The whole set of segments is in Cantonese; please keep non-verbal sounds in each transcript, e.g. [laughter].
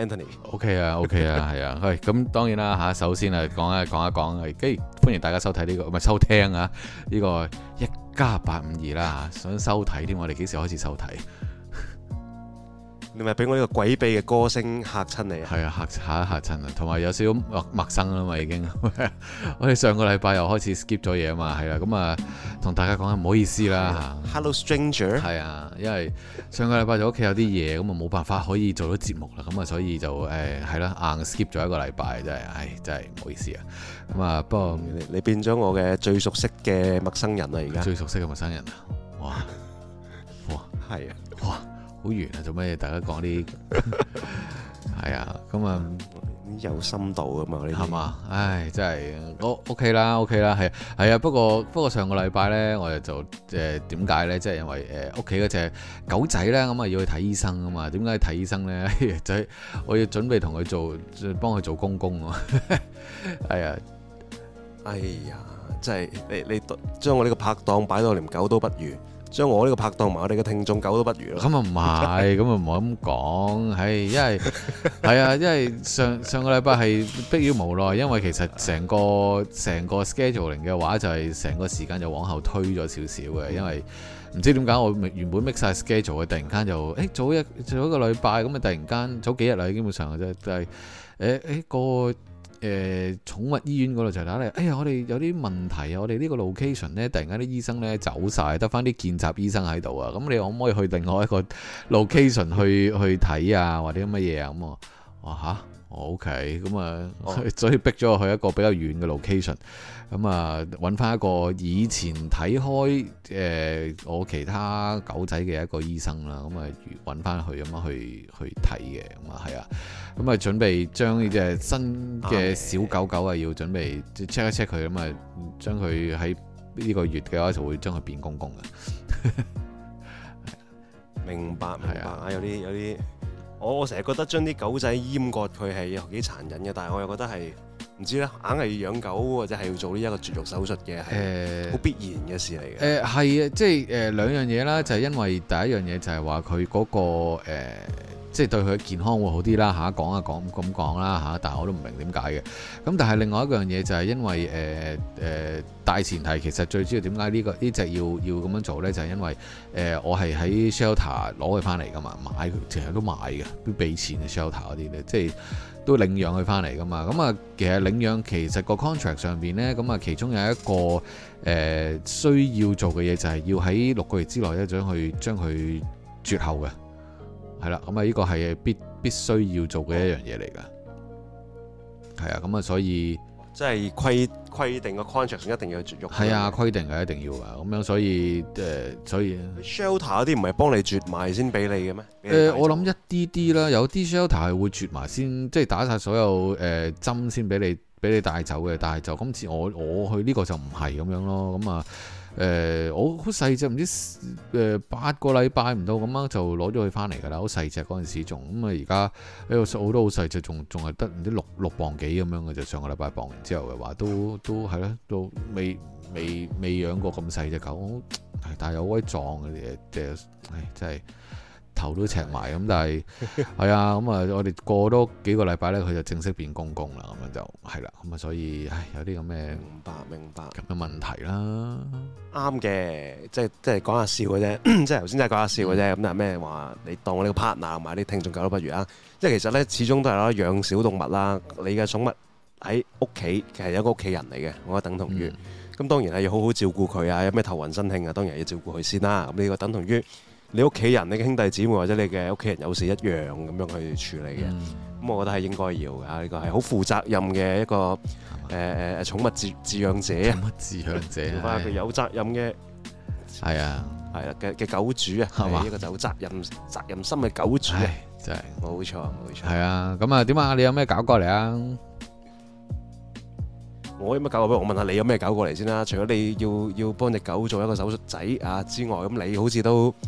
Anthony，OK 啊，OK 啊，係啊，係咁當然啦嚇。首先啊，講一講一講，係，歡迎大家收睇，呢個唔係收聽啊，呢個一家八五二啦嚇，想收睇添，我哋幾時開始收睇？係咪俾我呢個詭秘嘅歌聲嚇親你啊？係啊，嚇一嚇嚇親啊！同埋有少少陌陌生啊嘛，已經 [laughs] 我哋上個禮拜又開始 skip 咗嘢啊嘛，係啦、啊，咁啊同大家講下唔好意思啦 Hello stranger 係啊，因為上個禮拜就屋企有啲嘢，咁啊冇辦法可以做到節目啦，咁啊所以就誒係啦，硬 skip 咗一個禮拜，真係唉真係唔好意思啊！咁啊不過你變咗我嘅最熟悉嘅陌生人啦，而家最熟悉嘅陌生人啊，哇哇係啊哇！好圓啊！做咩？嘢？大家講啲係啊，咁啊有深度啊嘛？呢啲係嘛？唉，真係，O，O，K 啦，O，K 啦，係、okay、係啊，啊。不過不過上個禮拜咧，我哋就誒點解咧？即係因為誒屋企嗰隻狗仔咧，咁啊要去睇醫生㗎嘛？點解睇醫生咧？ [laughs] 就係我要準備同佢做，幫佢做公公。係 [laughs] 啊，哎呀，真係你你將我呢個拍檔擺到連狗都不如，將我呢個拍檔同埋我哋嘅聽眾狗都不如，咁啊唔係，咁啊唔好咁講，係，因為係啊，因為上上個禮拜係迫於無奈，因為其實成個成個 scheduling 嘅話就係成個時間就往後推咗少少嘅。因為唔知點解我原本 make 曬 schedule，突然間就誒早一早一個禮拜咁啊，突然間早幾日啦，基本上嘅啫，就係誒誒個。誒、呃、寵物醫院嗰度就打你：「哎呀，我哋有啲問題啊，我哋呢個 location 呢，突然間啲醫生呢走晒，得翻啲見習醫生喺度啊，咁你可唔可以去另外一個 location 去去睇啊，或者乜嘢啊咁啊嚇？O K，咁啊，okay, oh. 所以逼咗我去一個比較遠嘅 location，咁啊，揾翻一個以前睇開誒、呃、我其他狗仔嘅一個醫生啦，咁啊，揾翻佢咁啊去去睇嘅，咁啊係啊，咁啊準備將呢隻新嘅小狗狗啊，要準備 check 一 check 佢，咁啊將佢喺呢個月嘅話就會將佢變公公嘅， [laughs] 明白明白，係啊，有啲有啲。我我成日覺得將啲狗仔閹割佢係又幾殘忍嘅，但係我又覺得係唔知咧，硬係要養狗或者係要做呢一個絕育手術嘅係好必然嘅事嚟嘅。誒係啊，即係誒、呃、兩樣嘢啦，就係、是、因為第一樣嘢就係話佢嗰個、呃即係對佢健康會好啲啦嚇，講啊講咁講啦嚇，但係我都唔明點解嘅。咁但係另外一樣嘢就係因為誒誒、呃呃、大前提其實最主、這個這個這個、要點解呢個呢隻要要咁樣做呢？就是、因為誒、呃、我係喺 shelter 攞佢翻嚟噶嘛，買佢成日都買嘅，都俾錢 shelter 嗰啲咧，即係都領養佢翻嚟噶嘛。咁、嗯、啊，其實領養其實個 contract 上邊呢，咁、嗯、啊其中有一個誒、呃、需要做嘅嘢就係、是、要喺六個月之內咧，想去將佢絕後嘅。係啦，咁啊，呢個係必必須要做嘅一樣嘢嚟噶，係啊，咁啊，所以即係規規定個 contract 一定要絕育，係啊，規定嘅一定要噶，咁樣所以，誒、呃，所以 shelter 嗰啲唔係幫你絕埋先俾你嘅咩？誒、呃，我諗一啲啲啦，有啲 shelter 係會絕埋先，即係打晒所有誒針先俾你俾你帶走嘅，但係就今次我我去呢個就唔係咁樣咯，咁啊。誒、呃，我好細隻，唔知誒、呃、八個禮拜唔到咁啊，就攞咗佢翻嚟㗎啦，好細、欸、隻嗰陣時仲，咁啊而家呢個數都好細隻，仲仲係得唔知六六磅幾咁樣嘅，就上個禮拜磅完之後嘅話都都係啦，都未未未養過咁細隻狗，但係有好鬼壯嘅嘢，即、就、係、是，唉，真係。頭都赤埋咁，但係係啊，咁啊、 [laughs] 嗯嗯，我哋過多幾個禮拜咧，佢就正式變公公啦，咁就係啦，咁啊，所以唉，有啲咁嘅白明白咁嘅問題啦，啱嘅，即係即係講下笑嘅啫，即係頭先真係講下笑嘅啫，咁、 [coughs] 嗯、但係咩話你當我呢個 partner 同埋啲聽眾狗都不如啊，即係其實咧始終都係咯養小動物啦，你嘅寵物喺屋企其實有一個屋企人嚟嘅，我覺得等同於，咁、嗯、當然係要好好照顧佢啊，有咩頭暈身慶啊，當然要照顧佢先啦，咁呢個等同於。你屋企人、你嘅兄弟姊妹或者你嘅屋企人有時一樣咁樣去處理嘅，咁、嗯嗯、我覺得係應該要嘅。呢個係好負責任嘅一個誒誒、嗯呃、寵，寵物飼養者啊！寵物飼養者，同有責任嘅係是啊，的啊，係啊嘅嘅狗主啊，係嘛？一個有責任、責任心嘅狗主，真係冇錯冇錯。係啊，咁啊點啊？你有咩搞過嚟啊？我有咩搞過畀我？我問下你有咩搞過嚟先啦。除咗你要要幫隻狗做一個手術仔啊之外，咁你好似都～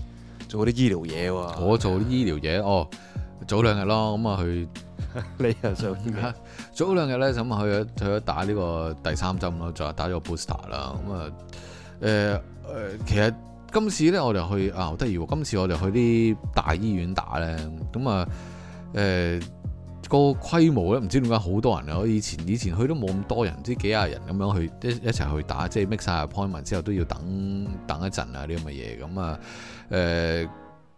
做啲醫療嘢喎、啊，我做啲醫療嘢、嗯、哦，早兩日咯，咁、嗯、啊去。 [laughs] 你又做啲咩？ [laughs] 早兩日咧，咁去咗去咗打呢個第三針咯，仲有打咗 Booster 啦。咁、嗯、啊，誒、嗯、誒、嗯，其實今次咧，我哋去啊，好得意今次我哋去啲大醫院打咧，咁啊誒。嗯嗯個規模咧，唔知點解好多人啊！我以前以前去都冇咁多人，唔知幾廿人咁樣去一一齊去打，即係 make 曬 appointment 之後都要等等一陣啊！啲咁嘅嘢咁啊，誒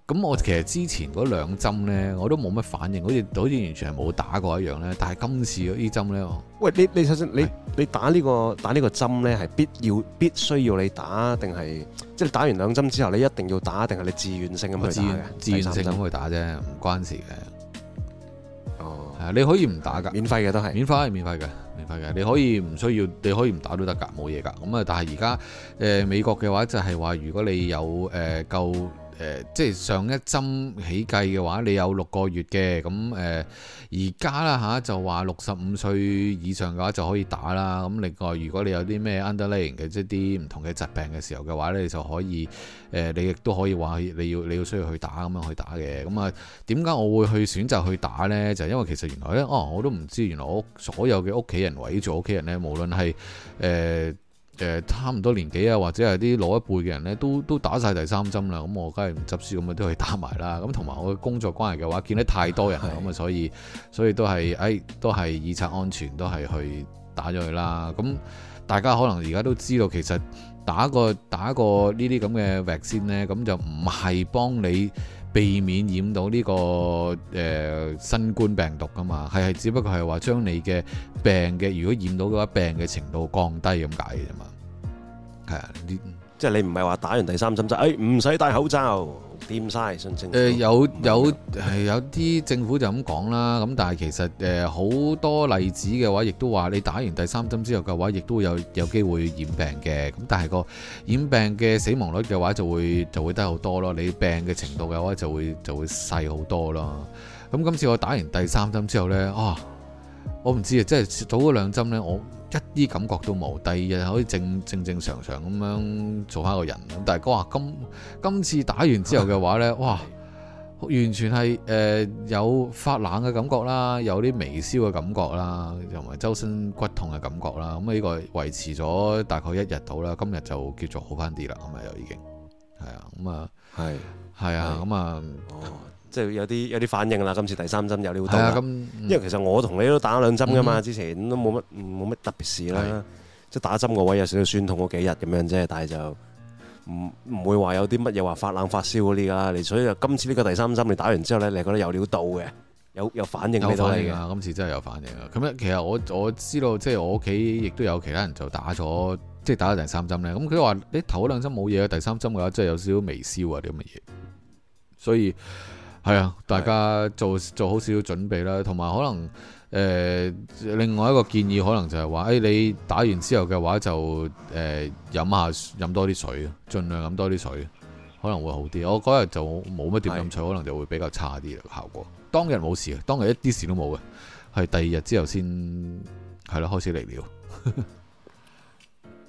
咁我其實我之前嗰兩針咧，我都冇乜反應，好似好似完全係冇打過一樣咧。但係今次嗰啲針咧，喂你你首先是你你打呢個打呢個針咧，係必要必須要你打，定係即係打完兩針之後你一定要打，定係你自願性咁樣打，我自願性去打啫，唔關事嘅。你可以唔打㗎，免費嘅都係免費嘅，免費嘅，免費嘅。你可以唔需要，你可以唔打都得㗎，冇嘢㗎。咁啊，但係而家誒美國嘅話就，就係話如果你有誒、呃、夠。誒、呃，即係上一針起計嘅話，你有六個月嘅，咁誒而家啦嚇，就話六十五歲以上嘅話就可以打啦。咁另外，如果你有啲咩 underlying 嘅即啲唔同嘅疾病嘅時候嘅話你就可以誒、呃，你亦都可以話你要你要需要去打咁樣去打嘅。咁啊，點解我會去選擇去打呢？就係、因為其實原來呢，哦，我都唔知原來我所有嘅屋企人圍住做屋企人呢，無論係誒。呃差唔多年紀啊，或者係啲老一輩嘅人呢，都都打晒第三針啦。咁我梗係唔執輸咁啊，都去打埋啦。咁同埋我嘅工作關係嘅話，見得太多人咁啊的，所以所以都係誒、哎，都係以策安全，都係去打咗佢啦。咁大家可能而家都知道，其實打個打個呢啲咁嘅疫苗咧，咁就唔係幫你。避免染到呢個，呃，新冠病毒㗎嘛，係係只不過係話將你嘅病嘅，如果染到嘅話，病嘅程度降低咁解嘅嘛。係啊，即係你唔係話打完第三針就誒唔使戴口罩。掂晒，信政府、呃、有有係有啲政府就咁講啦，咁但係其實誒好、呃、多例子嘅話，亦都話你打完第三針之後嘅話，亦都有有機會染病嘅。咁但係個染病嘅死亡率嘅話就，就會就會低好多咯。你病嘅程度嘅話就，就會就會細好多咯。咁今次我打完第三針之後呢，啊，我唔知啊，即係早咗兩針呢。我。一啲感覺都冇，第二日可以正正正常常咁樣做翻一個人。咁大哥話今今次打完之後嘅話呢，哇，完全係誒、呃、有發冷嘅感覺啦，有啲微燒嘅感覺啦，同埋周身骨痛嘅感覺啦。咁、這、呢個維持咗大概一日到啦，今日就叫做好翻啲啦，咁啊又已經係啊，咁啊係係啊，咁啊。即係有啲有啲反應啦。今次第三針有料到啊！嗯、因為其實我同你都打兩針噶嘛，之前都冇乜冇乜特別事啦。是即係打針個位有少少酸痛嗰幾日咁樣啫，但係就唔唔會話有啲乜嘢話發冷發燒嗰啲啦。你所以今次呢個第三針你打完之後咧，你係覺得有料到嘅，有有反應嘅。有反應啊！今次真係有反應啊！咁咧、啊、其實我我知道，即、就、係、是、我屋企亦都有其他人就打咗即係打咗第三針咧。咁佢話你頭嗰兩針冇嘢啊，第三針嘅話即係有少少微燒啊啲咁嘅嘢，所以。係啊，大家做做好少少準備啦，同埋可能誒、呃，另外一個建議可能就係話，誒、欸、你打完之後嘅話就誒飲、呃、下飲多啲水，盡量飲多啲水可能會好啲。我嗰日就冇乜點飲水，的可能就會比較差啲效果。當日冇事嘅，當日一啲事都冇嘅，係第二日之後先係咯開始嚟喇。 [laughs]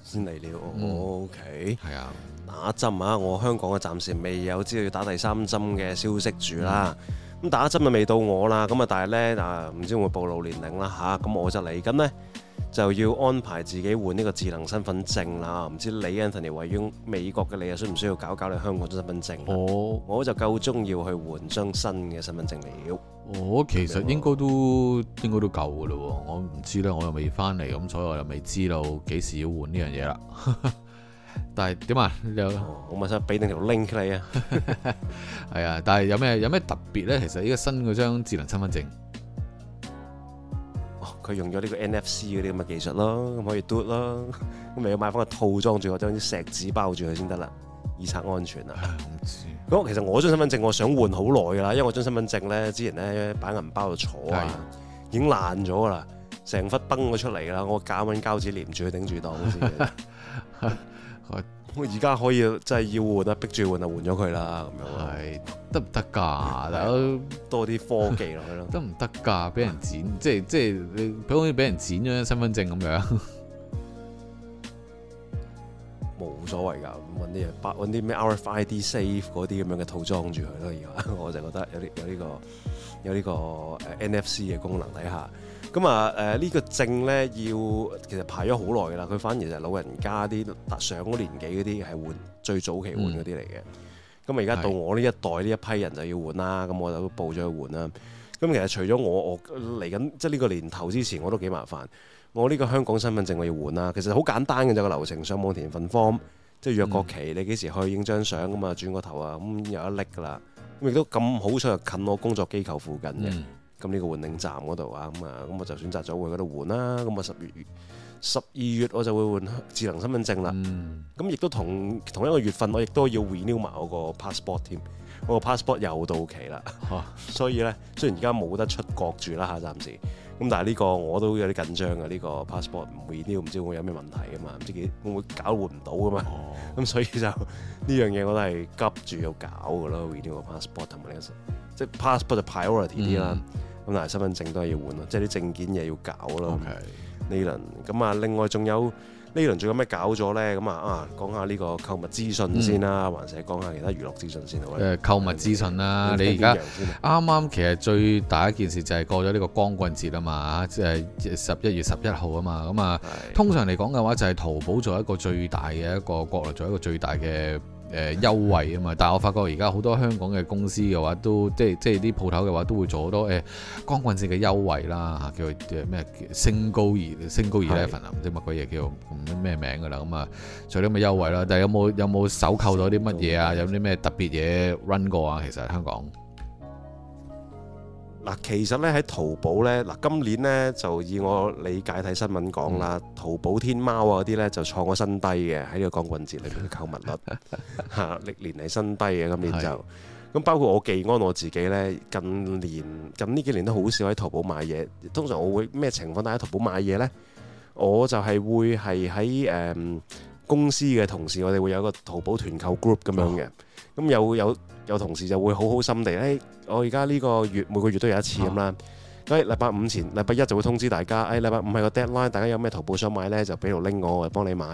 先嚟了，OK，係啊，打針啊，我香港嘅暫時未有知道要打第三針嘅消息住啦。咁、嗯、打針咪未到我啦，咁啊，但係咧啊，唔、呃、知會暴露年齡啦、啊、嚇，咁、啊、我就嚟緊咧。就要安排自己換呢個智能身份證啦，唔知李 Anthony 位於美國嘅你啊，需唔需要搞搞你香港身份證？我、哦、我就夠鐘要去換張新嘅身份證嚟，我、哦、其實應該都應該都，應該都夠㗎啦，我唔知啦，我又未翻嚟咁，所以我又未知道幾時要換呢 [laughs] 樣嘢啦。但係點啊？我咪想俾你條 link 你啊。係 [laughs] [laughs] 啊，但係有咩有咩特別咧？其實呢個新嗰張智能身份證。佢用咗呢個 NFC 嗰啲咁嘅技術咯，咁可以嘟咯，咁咪要買翻個套裝住，或者啲石紙包住佢先得啦，以策安全啊。咁其實我張身份證我想換好耐㗎啦，因為我張身份證咧之前咧擺銀包度坐啊，的已經爛咗㗎啦，成忽崩咗出嚟啦，我膠揾膠紙黏住佢頂住檔先。 [laughs] [laughs] 我而家可以真係要換啊，逼住換就換咗佢啦，咁樣係得唔得㗎？大家 [laughs] 多啲科技落去咯，得唔得㗎？俾人剪， [laughs] 即係即係你，好似俾人剪咗身份證咁樣，冇所謂㗎。咁搵啲嘢，搵啲咩 RFID safe 嗰啲咁樣嘅套裝住佢咯。而家我就覺得有啲、呢個、有呢個有呢個誒 NFC 嘅功能底下。咁啊，誒呢個證呢要其實排咗好耐㗎啦，佢反而就老人家啲，上咗年紀嗰啲係換最早期換嗰啲嚟嘅。咁啊、mm，而、hmm. 家到我呢一代呢一批人就要換啦，咁、mm hmm. 我就報咗去換啦。咁其實除咗我，我嚟緊即係呢個年頭之前，我都幾麻煩。我呢個香港身份證我要換啦，其實好簡單嘅就個、是、流程，上網填份 form，即係約個期，mm hmm. 你幾時去影張相啊嘛，轉個頭啊，咁又一拎㗎啦。咁亦都咁好彩，近我工作機構附近嘅。Mm hmm. 咁呢個換領站嗰度啊，咁啊，咁我就選擇咗喺度換啦。咁啊，十月月十二月我就會換智能身份證啦。咁亦都同同一個月份，我亦都要 renew 埋我個 passport 添。我個 passport 又到期啦，所以咧，雖然而家冇得出國住啦嚇暫時，咁但係呢個我都有啲緊張嘅。呢個 passport 唔 renew 唔知會有咩問題啊嘛，唔知會唔會搞換唔到㗎嘛。咁所以就呢樣嘢我都係急住要搞㗎咯，renew 個 passport，呢個 passport 同埋即係 passport 就 priority 啲啦。嗯咁但係身份證都係要換咯，即係啲證件嘢要搞咯。呢輪咁啊，另外仲有，有呢輪仲有咩搞咗咧？咁啊啊，講下呢個購物資訊先啦，嗯、還是係講下其他娛樂資訊先好咧？誒，購物資訊啦、啊，你而家啱啱其實最大一件事就係過咗呢個光棍節啊嘛，即係十一月十一號啊嘛，咁啊，的通常嚟講嘅話就係淘寶做一個最大嘅一個國內做一個最大嘅。誒、呃、優惠啊嘛， [laughs] 但係我發覺而家好多香港嘅公司嘅話都，都即係即係啲鋪頭嘅話，都會做好多誒、呃、光棍節嘅優惠啦嚇，叫誒咩升高二升高二十一份唔知乜鬼嘢叫唔知咩名㗎啦，咁啊，除咗咁嘅優惠啦。但係有冇有冇首購到啲乜嘢啊？有啲咩特別嘢 run 過啊？其實香港。嗱，其實咧喺淘寶呢，嗱今年呢，就以我理解睇新聞講啦，淘寶、天貓啊嗰啲呢，就創咗新低嘅，喺呢個光棍節裏邊嘅購物率嚇， [laughs] [laughs] 歷年嚟新低嘅，今年就咁是包括我記安我自己呢。近年近呢幾年都好少喺淘寶買嘢，通常我會咩情況？但喺淘寶買嘢呢，我就係會係喺誒。嗯公司嘅同事，我哋會有個淘寶團購 group 咁樣嘅，咁有有有同事就會好好心地咧，我而家呢個月每個月都有一次咁啦，咁禮拜五前、禮拜一就會通知大家，誒禮拜五係個 deadline，大家有咩淘寶想買咧就俾條 link 我，我幫你買，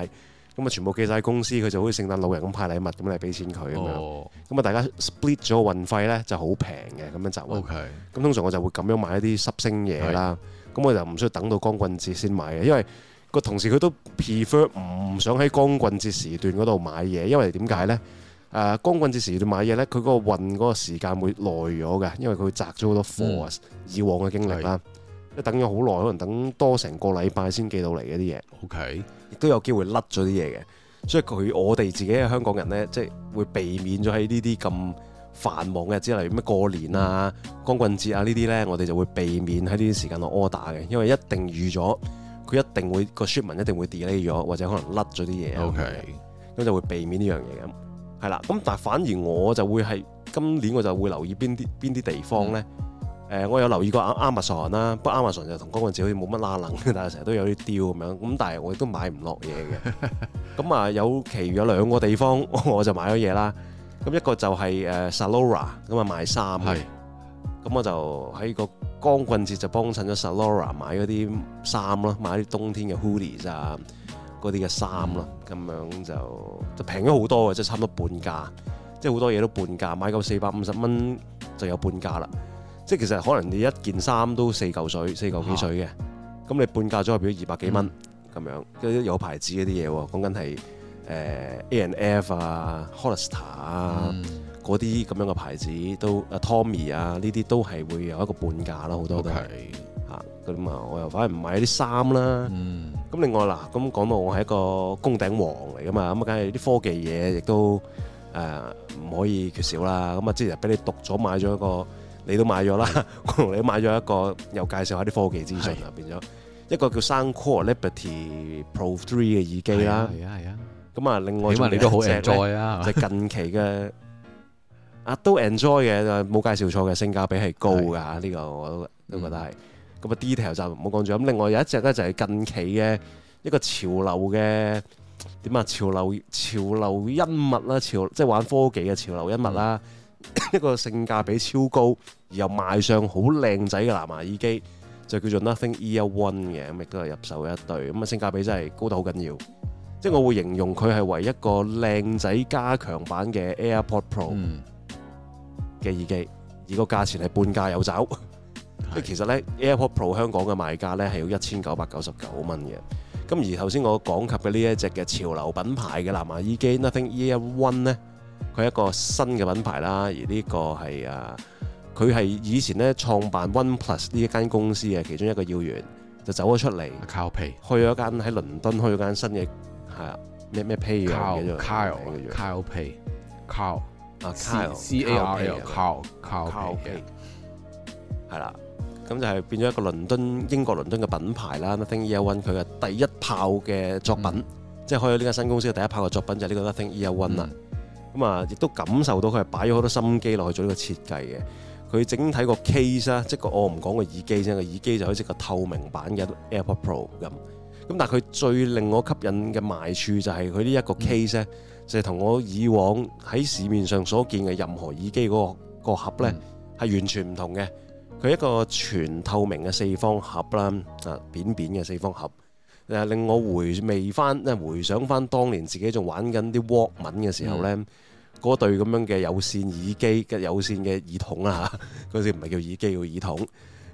咁啊全部寄曬公司，佢就好似聖誕老人咁派禮物咁嚟俾錢佢咁樣，咁啊大家 split 咗運費咧就好平嘅咁樣集運，咁通常我就會咁樣買一啲濕星嘢啦，咁我就唔需要等到光棍節先買嘅，因為。個同事佢都 prefer 唔、嗯、想喺光棍節時段嗰度買嘢，因為點解呢？誒、呃，光棍節時段買嘢呢，佢個運嗰個時間會耐咗嘅，因為佢摘咗好多貨啊！嗯、以往嘅經歷啦，即係等咗好耐，可能等多成個禮拜先寄到嚟嘅啲嘢。OK，亦都有機會甩咗啲嘢嘅，所以佢我哋自己嘅香港人呢，即係會避免咗喺呢啲咁繁忙嘅日子，例如咩過年啊、光棍節啊呢啲呢，我哋就會避免喺呢啲時間落 order 嘅，因為一定預咗。佢一定會個 shipment 一定會 delay 咗，或者可能甩咗啲嘢 OK。咁就會避免呢樣嘢咁。係啦，咁但係反而我就會係今年我就會留意邊啲邊啲地方咧？誒、嗯呃，我有留意過 Amazon 啦 Am，不過 Amazon 就同江岸寺好似冇乜拉楞，但係成日都有啲丟咁樣。咁但係我亦都買唔落嘢嘅。咁啊， [laughs] 有其餘有兩個地方我就買咗嘢啦。咁一個就係誒 Salora 咁啊買衫嘅，咁是我就喺、嗰個。光棍節就幫襯咗 Salora 買嗰啲衫咯，買啲冬天嘅 hoodies 啊，嗰啲嘅衫咯，咁、嗯、樣就就平咗好多嘅，即係差唔多半價，即係好多嘢都半價，買夠四百五十蚊就有半價啦。即係其實可能你一件衫都四嚿水，四嚿幾個水嘅，咁、啊、你半價咗入邊二百幾蚊咁樣，跟住有牌子嗰啲嘢喎，講緊係 A N F 啊、Hollister 啊。嗯嗰啲咁樣嘅牌子都，啊 Tommy 啊呢啲都係會有一個半價啦，好多都係嚇咁啊！我又反而唔買啲衫啦。咁、嗯、另外嗱，咁、啊、講到我係一個工頂王嚟噶嘛，咁梗係啲科技嘢亦都誒唔、呃、可以缺少啦。咁啊，即係俾你讀咗買咗一個，你都買咗啦，是 [laughs] 你買咗一個又介紹下啲科技資訊啊，是變咗一個叫 Soundcore Liberty Pro 3嘅耳機啦。係啊係啊，咁啊，啊另外起碼你都好 enjoy 啊，近期嘅。 [laughs] [laughs] 啊，都 enjoy 嘅，冇介紹錯嘅，性價比係高噶呢係、呢個我都都覺得係。咁啊，detail 就唔好講住。咁另外有一隻呢，就係、係、近期嘅一個潮流嘅點啊潮流潮流音物啦，潮即係玩科技嘅潮流音物啦，嗯、 [laughs] 一個性價比超高而又賣相好靚仔嘅藍牙耳機，就叫做 Nothing Ear One 嘅，咁亦都係入手一對。咁啊，性價比真係高到好緊要。即係我會形容佢係唯一個靚仔加強版嘅 AirPod Pro。嗯嘅耳機，而個價錢係半價有走。即 [laughs] 其實咧呢的 AirPod Pro 香港嘅賣價咧係要一千九百九十九蚊嘅。咁而頭先我講及嘅呢一隻嘅潮流品牌嘅藍牙耳機、e、Nothing Ear One 咧，佢係一個新嘅品牌啦。而呢個係啊，佢係以前咧創辦 OnePlus 呢一間公司嘅其中一個要員，就走咗出嚟。Cow 皮開咗間喺倫敦開咗間新嘅係啊咩咩 Pay 啊，Kyle，Kyle，Kyle 皮啊、ah，C A L 靠靠靠機，係啦，咁就係變咗一個倫敦英國倫敦嘅品牌啦。Nothing Ear One 佢嘅第一炮嘅作品，即係開咗呢間新公司嘅第一炮嘅作品就係呢個 Nothing Ear One 啦。咁啊，亦都感受到佢係擺咗好多心機落去做呢個設計嘅。佢整體個 case 啦，即係個我唔講個耳機先，個耳機就係一個透明版嘅 AirPod Pro 咁。咁但係佢最令我吸引嘅賣點就係佢呢一個 case 咧。就同我以往喺市面上所見嘅任何耳機嗰、嗰個嗰個盒呢係完全唔同嘅。佢一個全透明嘅四方盒啦，啊，扁扁嘅四方盒，令我回味翻，即係回想翻當年自己仲玩緊啲 Walkman 嘅時候呢，嗰、嗯、對咁樣嘅有線耳機嘅有線嘅耳筒啦嚇，嗰時唔係叫耳機叫耳筒，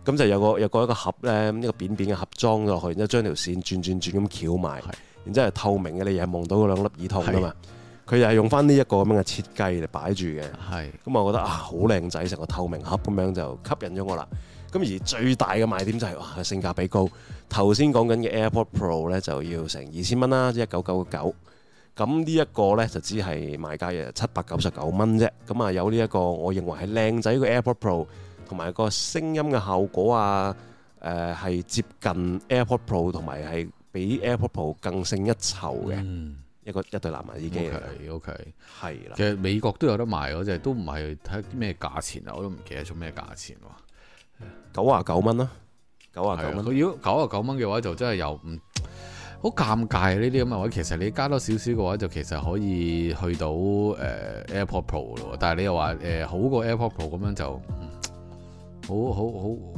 咁就有個有個一個盒呢，一個扁扁嘅盒裝咗落去，然之後將條線轉轉轉咁翹埋，是然之後透明嘅，你又係望到嗰兩粒耳筒㗎嘛。佢又係用翻呢一個咁樣嘅設計嚟擺住嘅，咁是、嗯、我覺得啊好靚仔，成個透明盒咁樣就吸引咗我啦。咁而最大嘅賣點就係、是、哇，性價比高。頭先講緊嘅 AirPod Pro 咧就要成二千蚊啦，即一九九九。咁呢一個咧就只係賣價七百九十九蚊啫。咁啊有呢、這、一個，我認為係靚仔嘅 AirPod Pro，同埋個聲音嘅效果啊，誒、呃、係接近 AirPod Pro，同埋係比 AirPod Pro 更勝一籌嘅。嗯一個一對藍牙耳機，O K，係啦。Okay, okay. 的其實美國都有得賣嗰隻，都唔係睇咩價錢啊，我都唔記得咗咩價錢。九啊九蚊咯，九啊九蚊。如果九啊九蚊嘅話，就真係又唔好尷尬、啊。呢啲咁嘅位，其實你加多少少嘅話，就其實可以去到誒、呃、AirPod Pro 咯。但係你又話誒好過 AirPod Pro 咁樣就，就好好好。好好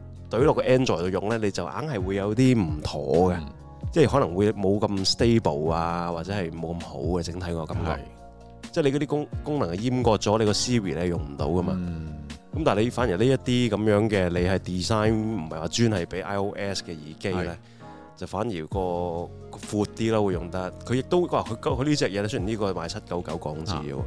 懟落個 Android 度用咧，你就硬係會有啲唔妥嘅。嗯、即係可能會冇咁 stable 啊，或者係冇咁好嘅整體個感覺。是即係你嗰啲功功能係閹割咗，你個 Siri 咧用唔到噶嘛。咁、嗯、但係你反而呢一啲咁樣嘅，你係 design 唔係話專係俾 iOS 嘅耳機咧，是就反而、個闊啲啦，會用得。佢亦都話佢佢呢隻嘢咧，雖然呢個賣七九九港紙喎。啊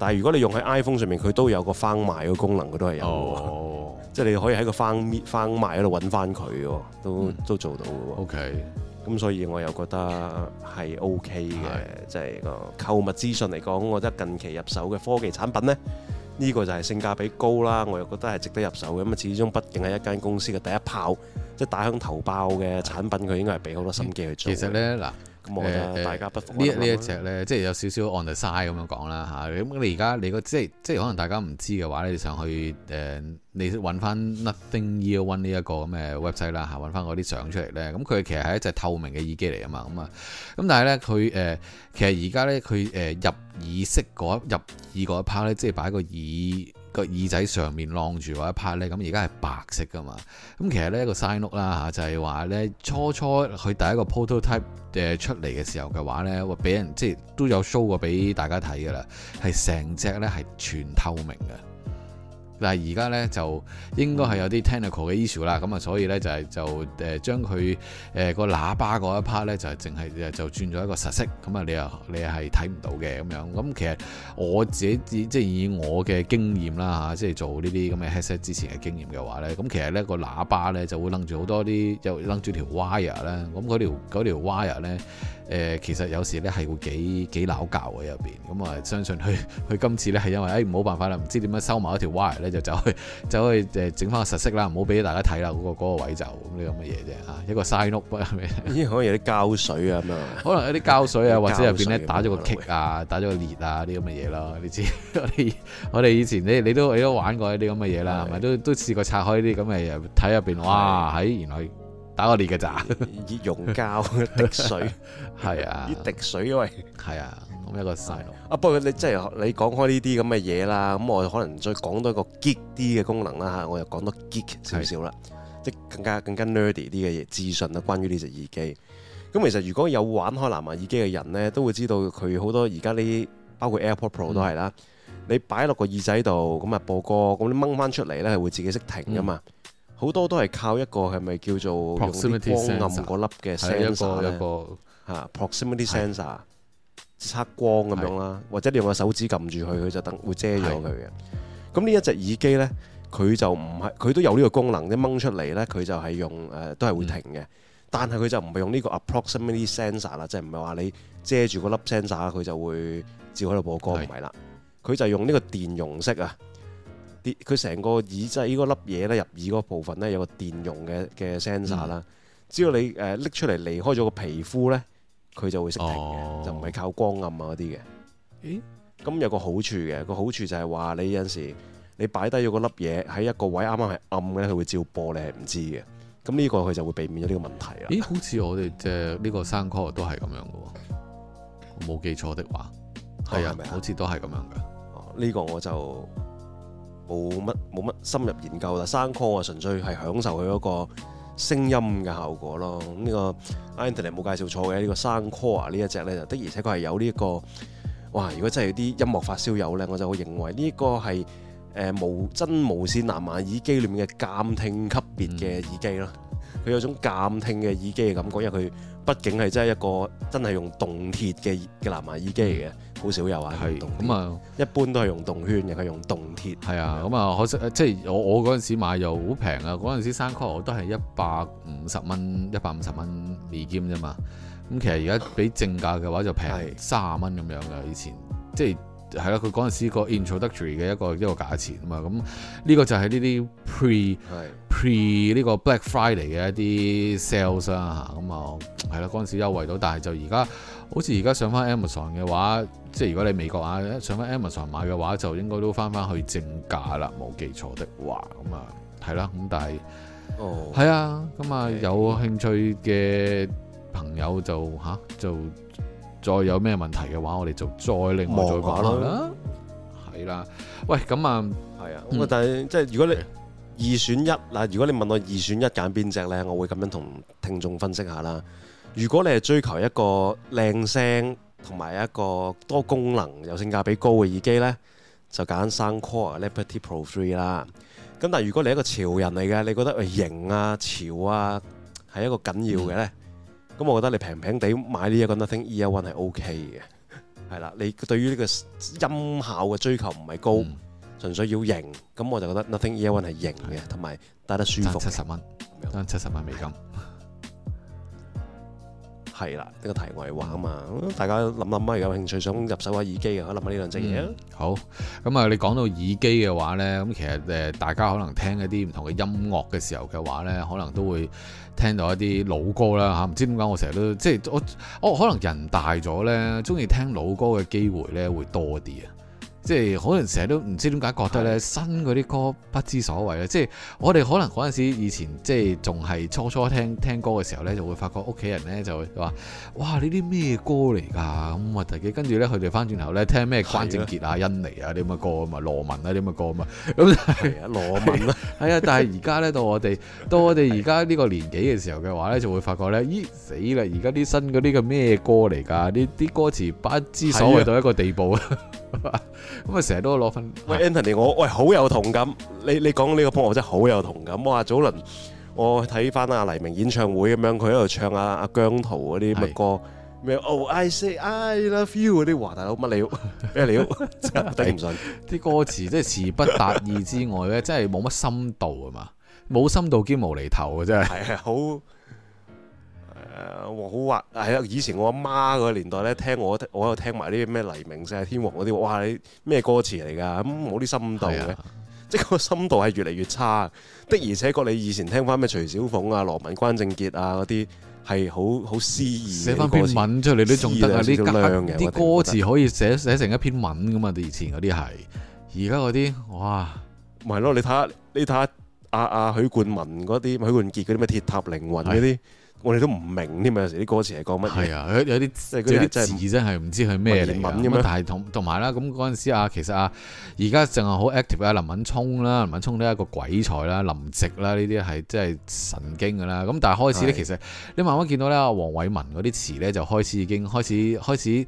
但係如果你用喺 iPhone 上面，佢都有個翻賣嘅功能，佢都係有，oh. 即係你可以喺個翻翻賣嗰度揾翻佢喎，都、mm. 都做到嘅。OK，咁所以我又覺得係 OK 嘅，即係、mm. 個購物資訊嚟講，我覺得近期入手嘅科技產品咧，呢、這個就係性價比高啦。我又覺得係值得入手嘅，因為始終畢竟係一間公司嘅第一炮，即、就、係、是、打響頭炮嘅產品，佢應該係俾好多心機去做。其實咧，嗱。嘅大家不一只呢呢一隻咧，即係有少少 on the side 咁樣講啦嚇。咁、啊、你而家你個即係即係可能大家唔知嘅話咧，你上去誒、呃，你揾翻 Nothing Ear One 呢一個咁嘅 website 啦嚇，揾翻嗰啲相出嚟咧。咁、嗯、佢其實係一隻透明嘅耳機嚟啊嘛。咁啊，咁但係咧佢誒，其實而家咧佢誒入耳式嗰入耳嗰一 part 咧，即係擺一個耳。個耳仔上面晾住或者拍咧，咁而家係白色噶嘛。咁其實咧、呢個山屋啦嚇，就係話咧初初佢第一個 prototype 誒出嚟嘅時候嘅話咧，會俾人即係都有 show 過俾大家睇噶啦，係成隻咧係全透明嘅，但係而家咧就應該係有啲 technical 嘅 issue 啦，咁啊所以咧就係就誒將佢誒、呃個喇叭嗰一 part 咧就係淨係就轉咗一個實色，咁啊你又你係睇唔到嘅咁樣。咁其實我自己即係以我嘅經驗啦嚇、啊，即係做呢啲咁嘅 headset 之前嘅經驗嘅話咧，咁、嗯、其實咧、個喇叭咧就會掹住好多啲，又掹住條 wire 咧，咁嗰條嗰條 wire 咧。誒其實有時咧係會幾幾撈教嘅入邊，咁啊相信佢佢今次咧係因為誒冇辦法啦，唔知點樣收埋一條 wire 咧就走去走去誒整翻個實色啦，唔好俾大家睇啦，嗰個位就咁呢咁嘅嘢啫嚇，一個嘥碌。依可以有啲膠水啊嘛， [laughs] 可能有啲膠水啊，膠水啊或者入邊咧打咗個 K 啊，打咗個裂啊啲咁嘅嘢咯。你知 [laughs] 我哋以前你，你都你都，你都玩過一啲咁嘅嘢啦，係咪都都試過拆開啲咁嘅嘢睇入邊？哇！喺原來。打我裂嘅咋？熱熔膠滴水，係 [laughs] 啊！滴水因為係啊，咁一個細路。啊不過你真係你講開呢啲咁嘅嘢啦，咁我可能再講多一個 geek 啲嘅功能啦嚇，我又講多 geek 少少啦，是即係更加更加 nerdy 啲嘅嘢資訊啦，關於呢隻耳機。咁其實如果有玩開藍牙耳機嘅人咧，都會知道佢好多而家呢，包括 AirPod Pro 都係啦。嗯、你擺落個耳仔度咁啊播歌，咁你掹翻出嚟咧係會自己識停噶嘛？嗯好多都係靠一個係咪叫做 xim 用光暗嗰粒嘅 sensor 一個一個 proximity sensor 是測光咁樣啦，是或者你用個手指撳住佢，佢就等會遮咗佢嘅。咁呢是一隻耳機呢，佢就唔係佢都有呢個功能，一掹出嚟呢，佢就係用誒、呃、都係會停嘅。嗯、但係佢就唔係用呢個 proximity sensor 啦，即係唔係話你遮住嗰粒 sensor 佢就會照喺度播歌唔係啦，佢是是就用呢個電容式啊。佢成個耳仔嗰粒嘢咧，入耳嗰部分咧，有個電容嘅嘅 sensor 啦，嗯、只要你誒拎出嚟離開咗個皮膚咧，佢就會識停嘅，哦、就唔係靠光暗啊嗰啲嘅。誒咦，咁有個好處嘅，個好處就係話你有陣時你擺低咗個粒嘢喺一個位啱啱係暗嘅，佢會照播你係唔知嘅。咁呢個佢就會避免咗呢個問題啦。咦？好似我哋嘅呢個 Soundcore 都係咁樣嘅喎，冇記錯的話，係啊，係咪？好似都係咁樣嘅。呢、哦呢個我就～冇乜冇乜深入研究啦 Soundcore 啊，純粹係享受佢嗰個聲音嘅效果咯。咁、這、呢個 Anthony 冇介紹錯嘅，呢、這個 Soundcore 呢一隻咧，的而且確係有呢、這、一個哇！如果真係啲音樂發燒友呢，我就會認為呢個係誒無真無線藍牙耳機裏面嘅監聽級別嘅耳機咯。佢有種監聽嘅耳機嘅感覺，因為佢畢竟係真係一個真係用動鐵嘅嘅藍牙耳機嚟嘅。好少有啊！咁啊是，麼一般都係用動圈，定係用動鐵。係啊，咁啊，可惜即係我我嗰陣時買又好平啊！嗰陣時三 core 我都係一百五十蚊，一百五十蚊美金啫嘛。咁其實而家比正價嘅話就平三十蚊咁樣噶。以前即係係啦，佢嗰陣時個 introductory 嘅一個一個價錢啊嘛。咁呢、這個就係呢啲 pre、啊啊、pre 呢個 Black Friday 嘅一啲 sales 啦。嚇。咁啊係啦，嗰陣時優惠到，但係就而家。好似而家上翻 Amazon 嘅話，即係如果你美國啊上翻 Amazon 買嘅話，就應該都翻翻去正價啦，冇記錯的話，咁啊係啦，咁但係係啊，咁、oh, okay. 啊有興趣嘅朋友就吓、啊，就再有咩問題嘅話，我哋就再另外再講啦。係啦、啊，喂，咁啊係啊，咁啊但係即係如果你、啊、二選一嗱，如果你問我二選一揀邊隻咧，我會咁樣同聽眾分析下啦。如果你係追求一個靚聲同埋一個多功能又性價比高嘅耳機呢，就揀 Soundcore Liberty Pro 3啦。咁但係如果你係一個潮人嚟嘅，你覺得型啊、潮啊係一個緊要嘅呢？咁、嗯、我覺得你平平地買呢一個 Nothing Ear One 係 OK 嘅。係啦，你對於呢個音效嘅追求唔係高，嗯、純粹要型，咁我就覺得 Nothing Ear One 係型嘅，同埋戴得舒服。七十蚊，七十萬美金。 [laughs] 係啦，呢個題外話啊嘛，大家諗諗啊，有興趣想入手下耳機嘅，可諗下呢兩隻嘢啊、嗯。好，咁啊，你講到耳機嘅話咧，咁其實誒，大家可能聽一啲唔同嘅音樂嘅時候嘅話咧，可能都會聽到一啲老歌啦嚇。唔知點解我成日都即係我我可能人大咗咧，中意聽老歌嘅機會咧會多啲啊。即係可能成日都唔知點解覺得咧，新嗰啲歌不知所謂咧的。即係我哋可能嗰陣時以前即係仲係初初聽聽歌嘅時候咧，就會發覺屋企人咧就會話：哇呢啲咩歌嚟㗎？咁啊，跟住咧佢哋翻轉頭咧聽咩關正傑啊、甄妮啊啲咁嘅歌啊嘛、羅文啊啲咁嘅歌啊嘛，咁、嗯、係羅文啦，係啊。 [laughs] 但係而家咧到我哋到我哋而家呢個年紀嘅時候嘅話咧，就會發覺咧，的咦死啦！而家啲新嗰啲嘅咩歌嚟㗎？呢啲歌詞不知所謂到一個地步啊！是的 [laughs] 咁啊，成日都攞翻。喂，Anthony，我喂好有同感。你你講呢個 point 我真係好有同感。我話早輪，我睇翻阿黎明演唱會咁樣，佢喺度唱阿阿姜濤嗰啲乜歌，咩是 Oh I say I love you 嗰啲話，大佬乜料？咩 [laughs] 料？真係頂唔順。啲 [laughs] 歌詞即係詞不達意之外咧，真係冇乜深度啊嘛，冇深度兼無厘頭啊，真係。係係好。誒好話係啊！以前我阿媽個年代咧，我我聽我喺度聽埋啲咩黎明、四天王嗰啲，哇！咩歌詞嚟㗎，咁冇啲深度嘅、啊，啊、即係個深度係越嚟越差。的而且確，你以前聽翻咩徐小鳳啊、羅文、關正傑啊嗰啲係好好詩意，寫翻篇文出嚟都仲得啊，啲家啲歌詞可以寫寫成一篇文㗎嘛。你以前嗰啲係而家嗰啲哇，咪係咯？你睇下、ah, 啊啊啊啊啊啊、你睇下阿阿許冠文嗰啲、許冠傑嗰啲咩鐵塔靈魂嗰啲。我哋都唔明添啊！有時啲歌詞係講乜嘢？係啊，有有啲有啲字真係唔知佢咩嚟嘅。文咁樣，但係同同埋啦，咁嗰陣時啊，其實啊，而家淨係好 active 啊，林允聰啦，林敏驄都係一個鬼才啦，林夕啦呢啲係真係神經㗎啦。咁但係開始咧，其實的你慢慢見到咧，阿黃偉文嗰啲詞咧，就開始已經開始開始。開始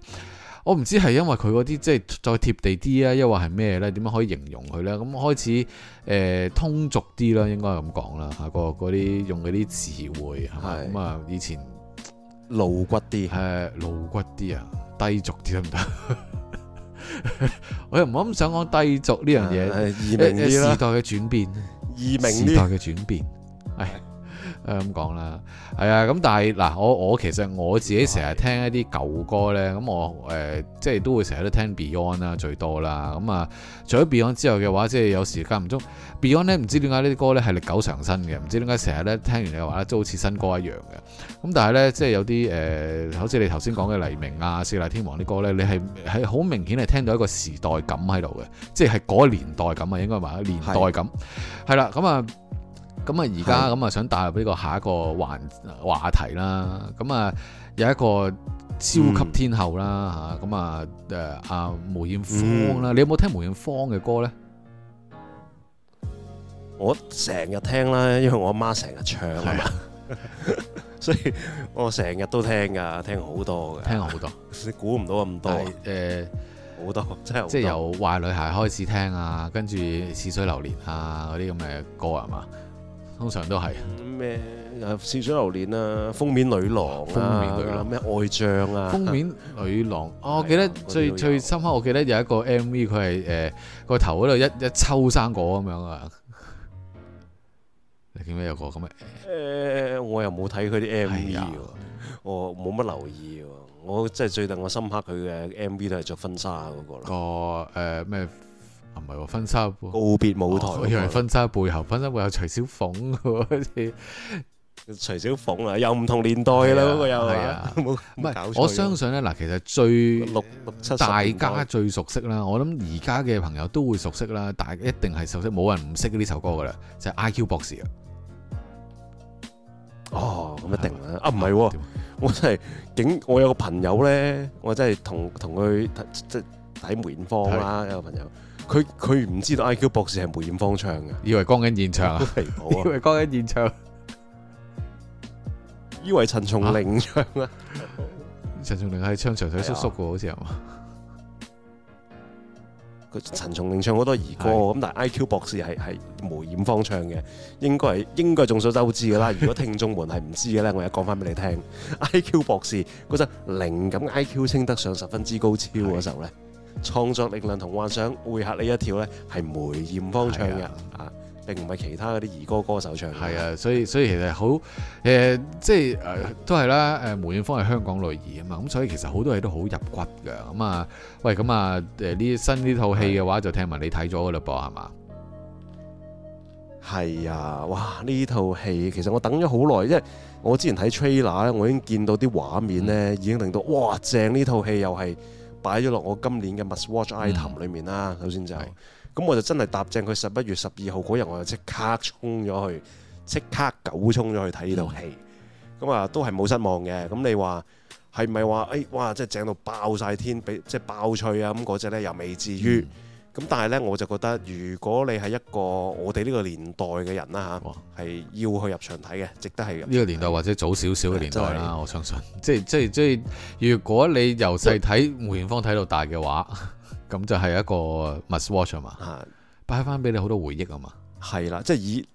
我唔知係因為佢嗰啲即係再貼地啲啊，抑或係咩咧？點樣可以形容佢咧？咁開始誒、呃，通俗啲啦，應該咁講啦。嚇、嗰個，嗰個嗰啲用嗰啲詞彙係咪？咁啊、嗯嗯，以前露骨啲係露骨啲啊，低俗啲得唔得？ [laughs] 我又唔好咁想講低俗呢樣嘢。啊、二明、欸、時代嘅轉變，二明時代嘅轉變。唉咁講啦，係啊，咁但係嗱，我我其實我自己成日聽一啲舊歌咧，咁是的、嗯、我誒、呃、即係都會成日都聽 Beyond 啦，最多啦，咁、嗯、啊，除咗 Beyond 之後嘅話，即係有時間唔中，Beyond 咧唔知點解呢啲歌咧係歷久常新嘅，唔知點解成日咧聽完你話咧都好似新歌一樣嘅，咁、嗯、但係咧即係有啲誒、呃，好似你頭先講嘅黎明啊、四大天王啲歌咧，你係係好明顯係聽到一個時代感喺度嘅，即係係嗰個年代感啊，應該話年代感，係啦是的 對，咁、嗯、啊。嗯。咁啊，而家咁啊，想帶入呢個下一個環話題啦。咁啊，有一個超級天后啦，嚇咁、嗯、啊，誒阿梅艷芳啦，嗯、你有冇聽梅艷芳嘅歌咧？我成日聽啦，因為我阿媽成日唱是啊， [laughs] 所以我成日都聽噶，聽好多嘅，聽好多， [laughs] 多。你估唔到咁多誒，好多真係。即係由壞女孩開始聽啊，跟住似水流年啊嗰啲咁嘅歌係嘛？通常都係咩啊？《似水流年》啊，《封面女郎、啊》封面女郎》咩《愛像啊，《封面女郎》。 [laughs] 哦，我記得最、啊、最深刻，我記得有一個 M V，佢係誒個頭嗰度一一,一抽生果咁樣啊。 [laughs] 你記得有個咁嘅？誒、呃，我又冇睇佢啲 M V，、啊、我冇乜留意。我即係最令我深刻佢嘅 M V 都係着婚紗嗰個啦。那個誒咩？呃唔係婚紗告別舞台，原來婚紗背後婚紗會有徐小鳳，好似徐小鳳啊，又唔同年代啦，嗰個又係啊，唔係我相信咧嗱，其實最六六七，大家最熟悉啦，我諗而家嘅朋友都會熟悉啦，但一定係熟悉，冇人唔識呢首歌噶啦，就係 I Q 博士啊。哦，咁一定啊，唔係，我真係，我有個朋友咧，我真係同同佢即係睇梅艷芳啦，一個朋友。佢佢唔知道 I Q 博士係梅艷芳唱嘅，以為江欣燕唱， [laughs] 以為江欣燕唱，以為陳松伶唱啊？陳 [laughs] 松伶係唱長腿叔叔嘅，好似係嘛？佢陳松伶唱好多兒歌咁，但係 I Q 博士係係梅艷芳唱嘅，應該係應該眾所周知嘅啦。如果聽眾們係唔知嘅咧， [laughs] 我而家講翻俾你聽，I Q 博士嗰陣靈感 I Q 稱得上十分之高超嗰時候咧。的創作力量同幻想會嚇你一跳咧，係梅艷芳唱嘅啊，啊，並唔係其他嗰啲兒歌歌手唱嘅。係啊，所以所以其實好誒、呃，即係誒、呃、都係啦。誒、呃，梅艷芳係香港女兒啊嘛，咁所以其實好多嘢都好入骨嘅。咁啊，喂，咁啊誒呢、呃、新呢套戲嘅話，啊、就聽聞你睇咗嘅嘞噃係嘛？係啊！哇！呢套戲其實我等咗好耐，因為我之前睇 trailer 我已經見到啲畫面咧，嗯、已經令到哇正！呢套戲又係～擺咗落我今年嘅 must-watch item 裡面啦，首先、嗯、就咁是我就真係踏正佢十一月十二號嗰日，我就即刻衝咗去，即刻狗衝咗去睇呢套戲，咁啊、嗯、都係冇失望嘅。咁你話係咪話誒哇，即係正到爆晒天，比即係爆脆啊咁嗰隻呢，又未至於。嗯咁但係呢，我就覺得如果你係一個我哋呢個年代嘅人啦嚇，係、哦、要去入場睇嘅，值得係呢個年代或者早少少嘅年代啦。 [noise] 我相信，即係即係即係，如果你由細睇梅艷芳睇到大嘅話，咁 [laughs] 就係一個 must watch 啊嘛，擺翻俾你好多回憶啊嘛，係啦， [noise] 即係以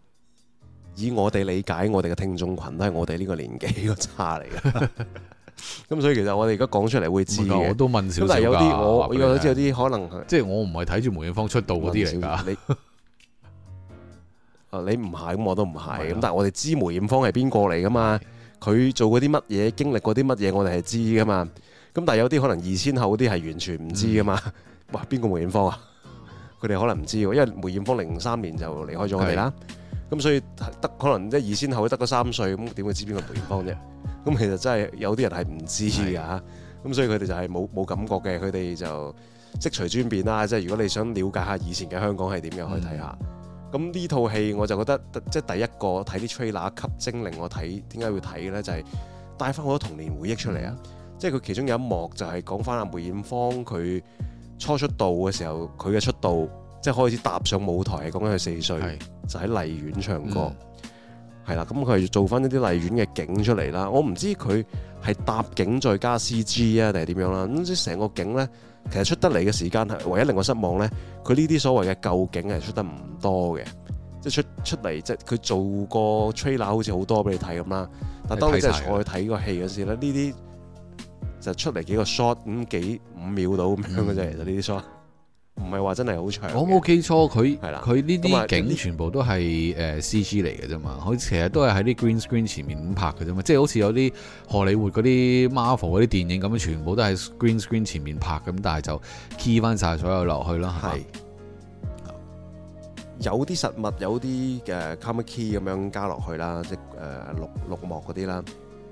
以我哋理解，我哋嘅聽眾群都係我哋呢個年紀個差嚟嘅。咁所以其實我哋而家講出嚟會知，我都問少許少許。但係有啲我我知有啲可能，即係我唔係睇住梅艷芳出道嗰啲嚟噶。 [laughs] 你，你唔係，咁我都唔係。咁的但係我哋知梅艷芳係邊個嚟噶嘛？佢的做過啲乜嘢？經歷過啲乜嘢？我哋係知噶嘛？咁但係有啲可能二千後嗰啲係完全唔知噶嘛？哇、嗯，邊個梅艷芳啊？佢哋可能唔知，因為梅艷芳零三年就離開咗我哋啦。咁所以得可能一二先後得個三歲，咁點會知邊個梅艷芳啫？咁 [coughs] 其實真係有啲人係唔知㗎，咁的所以佢哋就係冇冇感覺嘅，佢哋就即隨轉變啦。即係如果你想了解下以前嘅香港係點樣，去睇下。咁呢套戲我就覺得即係第一個睇啲 trailer 吸精靈，我睇點解要睇嘅咧？就係、是、帶翻好多童年回憶出嚟啊！嗯、即係佢其中有一幕就係講翻阿梅艷芳佢初出道嘅時候，佢嘅出道。即係開始搭上舞台係講緊佢四歲是就喺荔園唱歌係啦，咁佢係做翻一啲荔園嘅景出嚟啦。我唔知佢係搭景再加 CG 啊，定係點樣啦？咁即成個景咧，其實出得嚟嘅時間係唯一令我失望咧。佢呢啲所謂嘅舊景係出得唔多嘅，即係出出嚟即係佢做個 trailer 好似好多俾你睇咁啦。但當你真係坐去睇個戲嘅時咧，呢啲就出嚟幾個 shot 咁幾五秒到咁樣嘅啫，其實呢啲 shot。唔係話真係好長。我冇記錯，佢佢呢啲景全部都係誒 C G 嚟嘅啫嘛。佢其實都係喺啲 green screen 前面咁拍嘅啫嘛。即係好似有啲荷里活嗰啲 Marvel 嗰啲電影咁，全部都係 green screen 前面拍咁，但係就 key 翻晒所有落去啦。係，有啲實物，有啲嘅 chroma key 咁樣加落去啦，即係誒、uh, 綠，綠綠幕嗰啲啦。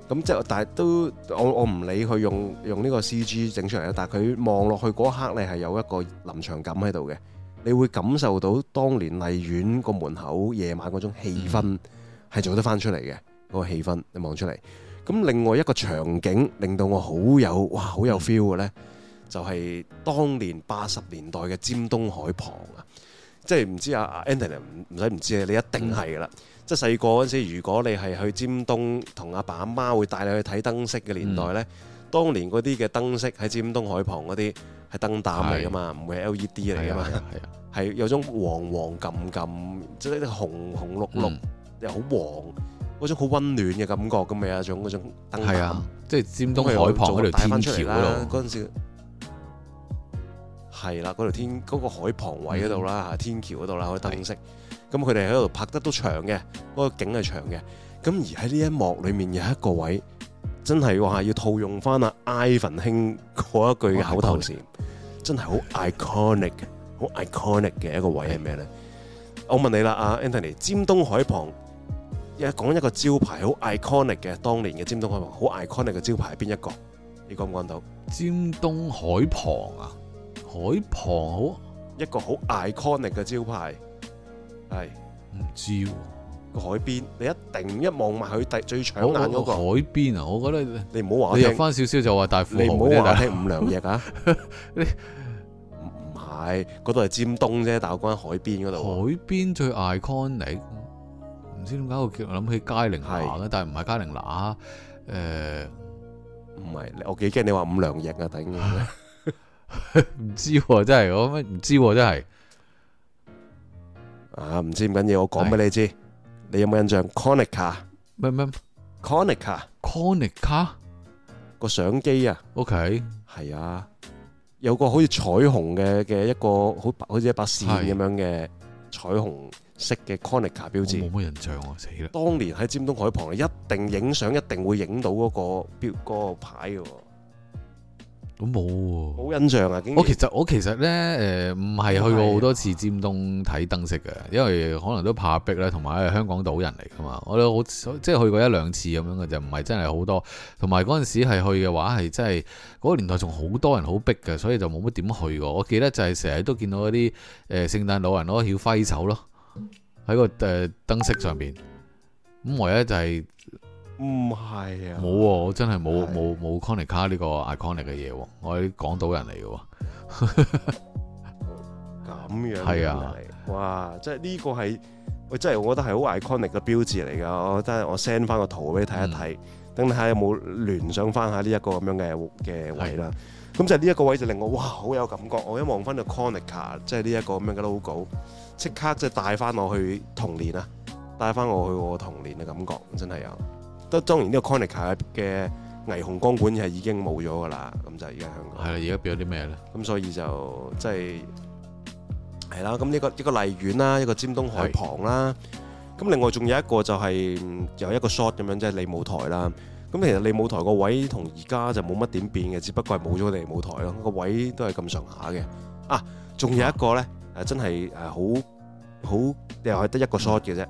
咁即係，但係都我我唔理佢用用呢個 CG 整出嚟啊！但係佢望落去嗰刻你係有一個臨場感喺度嘅，你會感受到當年荔園個門口夜晚嗰種氣氛係做得翻出嚟嘅嗰個氣氛，你望出嚟。咁另外一個場景令到我好有哇，好有 feel 嘅呢，就係、是、當年八十年代嘅尖東海旁。啊！即係唔知啊啊 Anthony 唔唔使唔知啊，你一定係噶啦。嗯即係細個嗰陣時，如果你係去尖東同阿爸阿媽會帶你去睇燈飾嘅年代咧，當年嗰啲嘅燈飾喺尖東海旁嗰啲係燈膽嚟噶嘛，唔係 LED 嚟噶嘛，係有種黃黃咁咁，即係紅紅綠綠，又好黃，嗰種好溫暖嘅感覺噶嘛，有一種嗰種燈膽。係啊，即係尖東海旁嗰條天橋嗰度，嗰陣時係啦，嗰條天嗰個海旁位嗰度啦，吓天橋嗰度啦，嗰啲燈飾。咁佢哋喺度拍得都長嘅，嗰、那個景係長嘅。咁而喺呢一幕裏面有一個位，真係話要套用翻啊，艾凡卿嗰一句嘅口頭禪，哦、真係好 iconic，好、嗯、iconic 嘅一個位係咩咧？我問你啦，阿、嗯、Anthony，尖東海旁一講一個招牌好 iconic 嘅，當年嘅尖東海旁好 iconic 嘅招牌係邊一個？你講唔講到？尖東海旁啊，海旁好一個好 iconic 嘅招牌。係唔是知、啊，個海邊你一定一望埋去第最搶眼嗰、那個那個海邊啊！我覺得你唔好話，你，我你入翻少少就話大富豪咧，你唔好話聽五糧液啊！唔唔係，嗰度係尖東啫，但係我講喺海邊嗰度。海邊最 iconic，唔知點解我諗起佳寧娜但係唔係佳寧娜，誒，唔係，我幾驚你話五糧液啊，頂唔知真係，我唔知、啊、真係。啊，唔知唔緊要，是我講俾你知，你有冇印象？Conica 咩咩？Conica，Conica 個相機啊，OK，係啊，有個好似彩虹嘅嘅一個好白，好似一把線咁樣嘅彩虹色嘅 Conica 是標誌。冇乜印象啊，死啦！當年喺尖東海旁，一定影相，一定會影到嗰個標嗰個牌嘅。咁冇好印象啊！我其實我其實咧誒，唔係去過好多次尖東睇燈飾嘅，因為可能都怕逼咧，同埋係香港島人嚟㗎嘛，我有好即係去過一兩次咁樣嘅就唔係真係好多。同埋嗰陣時係去嘅話，係真係嗰個年代仲好多人好逼嘅，所以就冇乜點去過。我記得就係成日都見到嗰啲誒聖誕老人咯、曉揮手咯，喺個誒燈飾上邊。咁唯一就係、是。唔係啊！冇，我真係冇冇冇 Konica 呢個 Iconic 嘅嘢，我係港島人嚟嘅。咁 [laughs] 樣係啊哇！哇，即係呢個係，喂，真係我覺得係好 Iconic 嘅標誌嚟噶。我真係我 send 翻個圖俾你睇一睇，等睇下有冇聯想翻下呢一個咁樣嘅嘅位啦。咁就係呢一個位就令我哇好有感覺。我一望翻個 Konica，即係呢一個咁樣嘅 logo，即刻即係帶翻我去童年啊！帶翻我去我童年嘅感覺，真係有。當然呢個 Konica 嘅霓虹光管係已經冇咗㗎啦，咁就係而家香港。係啦，而家變咗啲咩咧？咁所以就即係係啦，咁呢個一個荔園啦，一個尖東海旁啦，咁另外仲有一個就係有一個 shot 咁樣即係，利舞臺啦。咁其實利舞臺個位同而家就冇乜點變嘅，只不過係冇咗利舞臺咯，個位都係咁上下嘅。啊，仲有一個咧，誒真係誒好好，又係得一個 shot 嘅啫。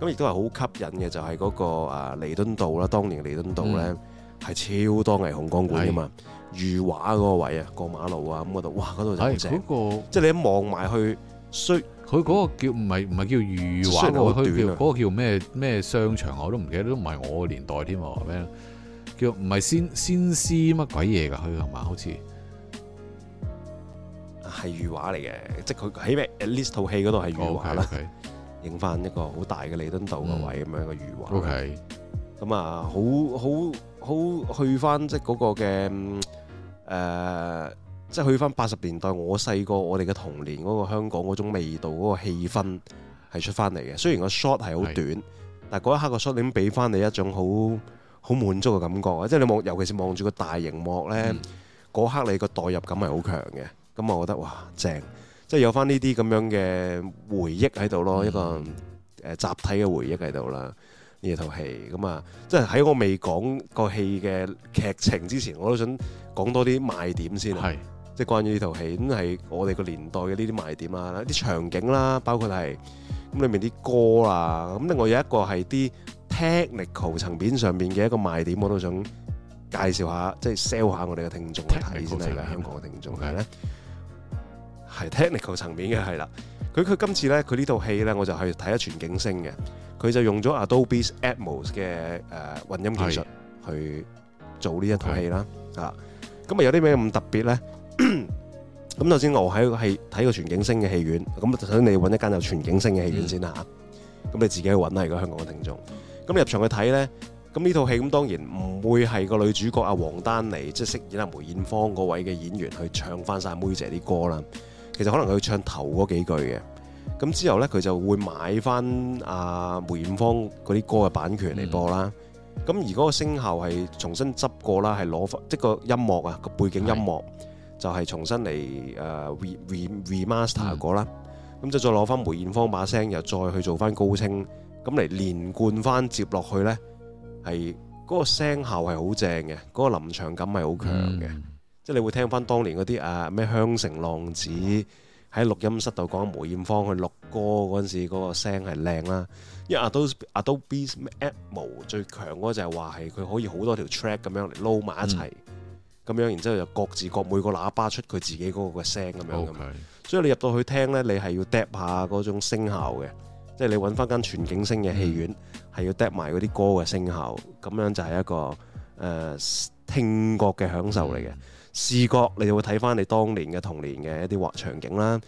咁亦都係好吸引嘅，就係嗰個啊彌敦道啦。當年彌敦道咧係、嗯、超多霓虹光管噶嘛，裕華嗰個位啊，過馬路啊咁嗰度，哇嗰度就係嗰個即係你一望埋去衰。佢嗰個叫唔係唔係叫裕華嗰個叫咩咩商場我都唔記得，都唔係我年代添啊咩？叫唔係先先施乜鬼嘢噶？佢係嘛？好似係裕華嚟嘅，即係佢喺咩？at least 套戲嗰度係裕華啦。Okay, okay. 整翻一個好大嘅彌敦道個位咁樣嘅餘環，咁啊好好好去翻即係嗰個嘅誒、呃，即係去翻八十年代我細個我哋嘅童年嗰個香港嗰種味道嗰、那個氣氛係出翻嚟嘅。雖然個 shot 係好短，是但係嗰一刻個 shot 已經俾翻你一種好好滿足嘅感覺啊！即係你望，尤其是望住個大熒幕咧，嗰、嗯、刻你個代入感係好強嘅。咁我覺得哇，正！即係有翻呢啲咁樣嘅回憶喺度咯，嗯、一個誒集體嘅回憶喺度啦。呢套戲咁啊，即係喺我未講個戲嘅劇情之前，我都想講多啲賣點先。係是，即係關於呢套戲咁係我哋個年代嘅呢啲賣點啊，啲場景啦，包括係咁裏面啲歌啊，咁另外有一個係啲 technical 層面上面嘅一個賣點，我都想介紹下，即係 sell 下我哋嘅聽眾睇先啦，techn ical 香港嘅聽眾係咧。的係 technical 層面嘅係啦，佢佢今次咧佢呢套戲咧，我就係睇咗全景聲嘅，佢就用咗 Dolby Atmos 嘅誒混、呃、音技術去做呢一套戲啦嚇。咁啊的有啲咩咁特別咧？咁頭先我喺個戲睇個全景聲嘅戲院，咁首先你揾一間有全景聲嘅戲院先嚇。咁、嗯、你自己去揾啦，如果香港嘅聽眾。咁入場去睇咧，咁呢套戲咁當然唔會係個女主角阿王丹妮，即、就、係、是、飾演阿梅艷芳嗰位嘅演員去唱翻曬妹姐啲歌啦。其實可能佢唱頭嗰幾句嘅，咁之後呢佢就會買翻阿梅艷芳嗰啲歌嘅版權嚟播啦。咁而嗰個聲效係重新執過啦，係攞翻即個音樂啊個背景音樂就係重新嚟誒 re re remaster 過啦。咁就再攞翻梅艷芳把聲又再去做翻高清，咁嚟連貫翻接落去呢，係嗰個聲效係好正嘅，嗰個臨場感係好強嘅。即係你會聽翻當年嗰啲啊咩香城浪子喺、嗯、錄音室度講，梅艷芳去錄歌嗰陣時，嗰個聲係靚啦。因為 Dolby、Dolby Atmos 最強嗰就係話係佢可以好多條 track 咁樣嚟撈埋一齊，咁、嗯、樣然之後就各自各每個喇叭出佢自己嗰個嘅聲咁樣。Okay. 所以你入到去聽呢，你係要 deaf 下嗰種聲效嘅，即係你揾翻間全景聲嘅戲院，係、嗯、要 deaf 埋嗰啲歌嘅聲效，咁樣就係一個誒、呃、聽覺嘅享受嚟嘅。嗯。視覺你就會睇翻你當年嘅童年嘅一啲畫場景啦，